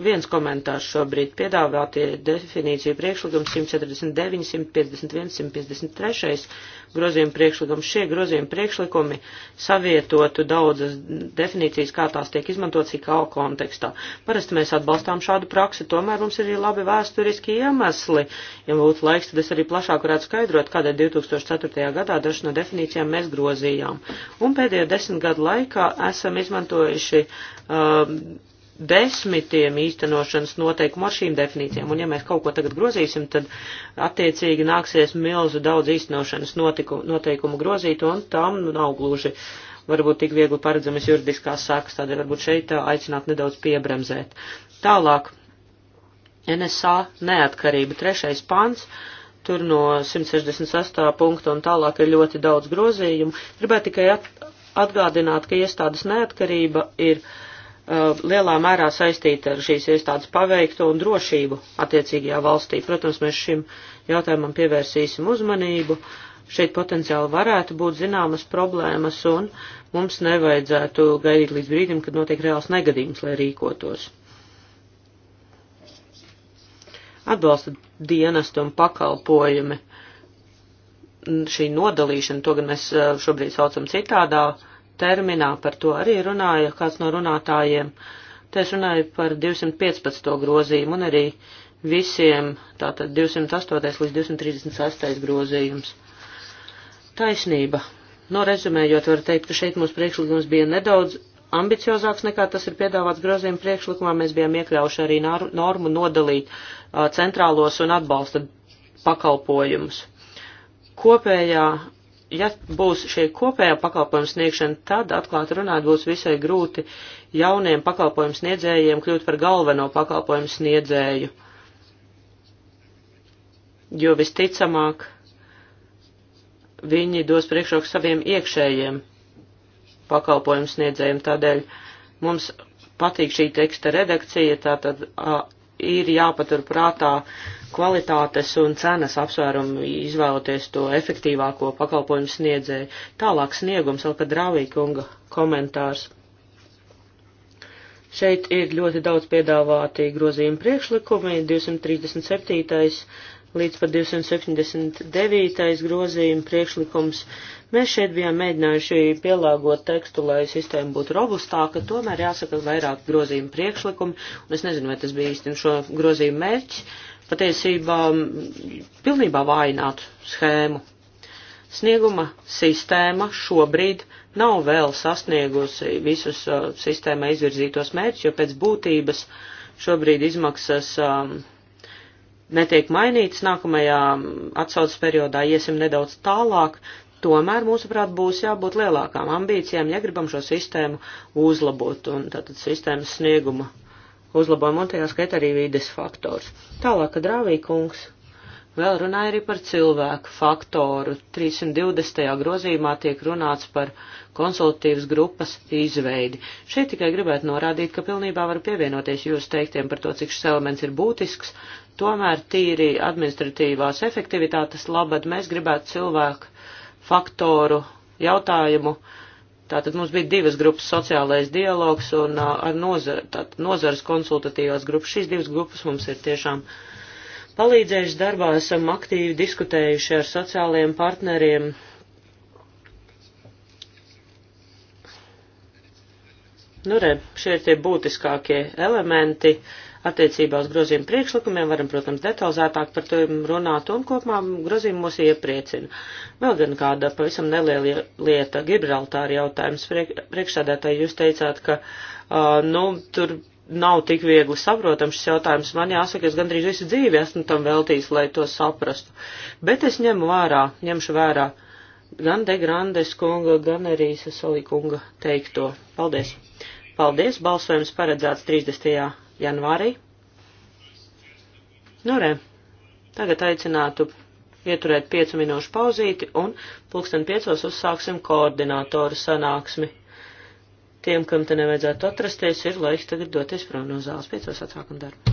viens komentārs šobrīd piedāvātie definīciju priekšlikums 149, 151, 153 grozījuma priekšlikums. Šie grozījuma priekšlikumi savietotu daudzas definīcijas, kā tās tiek izmantotas IKO kontekstā. Parasti mēs atbalstām šādu praksi, tomēr mums ir arī labi vēsturiski iemesli. Ja būtu laiks, tad es arī plašāk varētu skaidrot, kādēļ 2004. gadā dažas no definīcijām mēs grozījām. Un pēdējo desmit gadu laikā esam izmantojuši um, desmitiem īstenošanas noteikumu ar šīm definīcijām, un ja mēs kaut ko tagad grozīsim, tad attiecīgi nāksies milzu daudz īstenošanas notiku, noteikumu grozīt, un tam nav gluži varbūt tik viegli paredzamas juridiskās sākas, tādēļ varbūt šeit aicināt nedaudz piebremzēt. Tālāk, NSA neatkarība, trešais pants tur no 168. punkta un tālāk ir ļoti daudz grozījumu. Gribētu tikai atgādināt, ka iestādes neatkarība ir Uh, lielā mērā saistīta ar šīs iestādes paveikto un drošību attiecīgajā valstī. Protams, mēs šim jautājumam pievērsīsim uzmanību. Šeit potenciāli varētu būt zināmas problēmas un mums nevajadzētu gaidīt līdz brīdim, kad notiek reāls negadījums, lai rīkotos. Atbalsta dienestu un pakalpojumi. Šī nodalīšana, to gan mēs uh, šobrīd saucam citādā, uh, terminā, par to arī runāja kāds no runātājiem. Te es runāju par 215. grozījumu un arī visiem, tātad 208. līdz 236. grozījums. Taisnība. Norezumējot, var teikt, ka šeit mūsu priekšlikums bija nedaudz ambiciozāks nekā tas ir piedāvāts grozījuma priekšlikumā. Mēs bijām iekļauši arī normu nodalīt centrālos un atbalsta pakalpojumus. Kopējā ja būs šī kopējā pakalpojuma sniegšana, tad, atklāti runāt, būs visai grūti jauniem pakalpojuma sniedzējiem kļūt par galveno pakalpojuma sniedzēju. Jo visticamāk, viņi dos priekšroku saviem iekšējiem pakalpojuma sniedzējiem. Tādēļ mums patīk šī teksta redakcija, tātad ir jāpatur prātā kvalitātes un cenas apsvērumu izvēloties to efektīvāko pakalpojumu sniedzēju. Tālāk sniegums, vēl kad Rāvīkunga komentārs. Šeit ir ļoti daudz piedāvāti grozījumi priekšlikumi, 237 līdz pat 279. grozījuma priekšlikums. Mēs šeit bijām mēģinājuši pielāgot tekstu, lai sistēma būtu robustāka, tomēr jāsaka vairāk grozījuma priekšlikumu, un es nezinu, vai tas bija īsti šo grozījumu mērķis, patiesībā pilnībā vājinātu schēmu. Snieguma sistēma šobrīd nav vēl sasniegusi visus uh, sistēmai izvirzītos mērķus, jo pēc būtības šobrīd izmaksas um, netiek mainīts nākamajā atsaucas periodā, iesim nedaudz tālāk, tomēr, mūsuprāt, būs jābūt lielākām ambīcijām, ja gribam šo sistēmu uzlabot un tātad sistēmas snieguma uzlabojumu, un tajā skait arī vīdes faktors. Tālāk, kad Rāvīkungs Vēl runāja arī par cilvēku faktoru. 320. grozījumā tiek runāts par konsultatīvas grupas izveidi. Šeit tikai gribētu norādīt, ka pilnībā var pievienoties jūsu teiktiem par to, cik šis elements ir būtisks. Tomēr tīri administratīvās efektivitātes labad mēs gribētu cilvēku faktoru jautājumu. Tātad mums bija divas grupas - sociālais dialogs un uh, ar nozar, nozares konsultatīvās grupas. Šīs divas grupas mums ir tiešām palīdzējuši darbā, esam aktīvi diskutējuši ar sociālajiem partneriem. Nu, re, šie ir tie būtiskākie elementi attiecībā uz grozījumu priekšlikumiem. Varam, protams, detalizētāk par to runāt un kopumā grozījumu mūs iepriecina. Vēl gan kāda pavisam neliela lieta - Gibraltāra jautājums. Priekšsādātāji, jūs teicāt, ka, uh, nu, tur nav tik viegli saprotams šis jautājums. Man jāsaka, es gandrīz visu dzīvi esmu tam veltījis, lai to saprastu. Bet es ņemu vērā, ņemšu vērā gan De Grandes kunga, gan arī Sasolī kunga teikto. Paldies! Paldies! Balsojums paredzēts 30. janvārī. Nu, re, tagad aicinātu ieturēt 5 minūšu pauzīti un pulksten 5 uzsāksim koordinātoru sanāksmi. Tiem, kam te nevajadzētu atrasties, ir laiks tagad doties prom no zāles piecos atsākam darbu.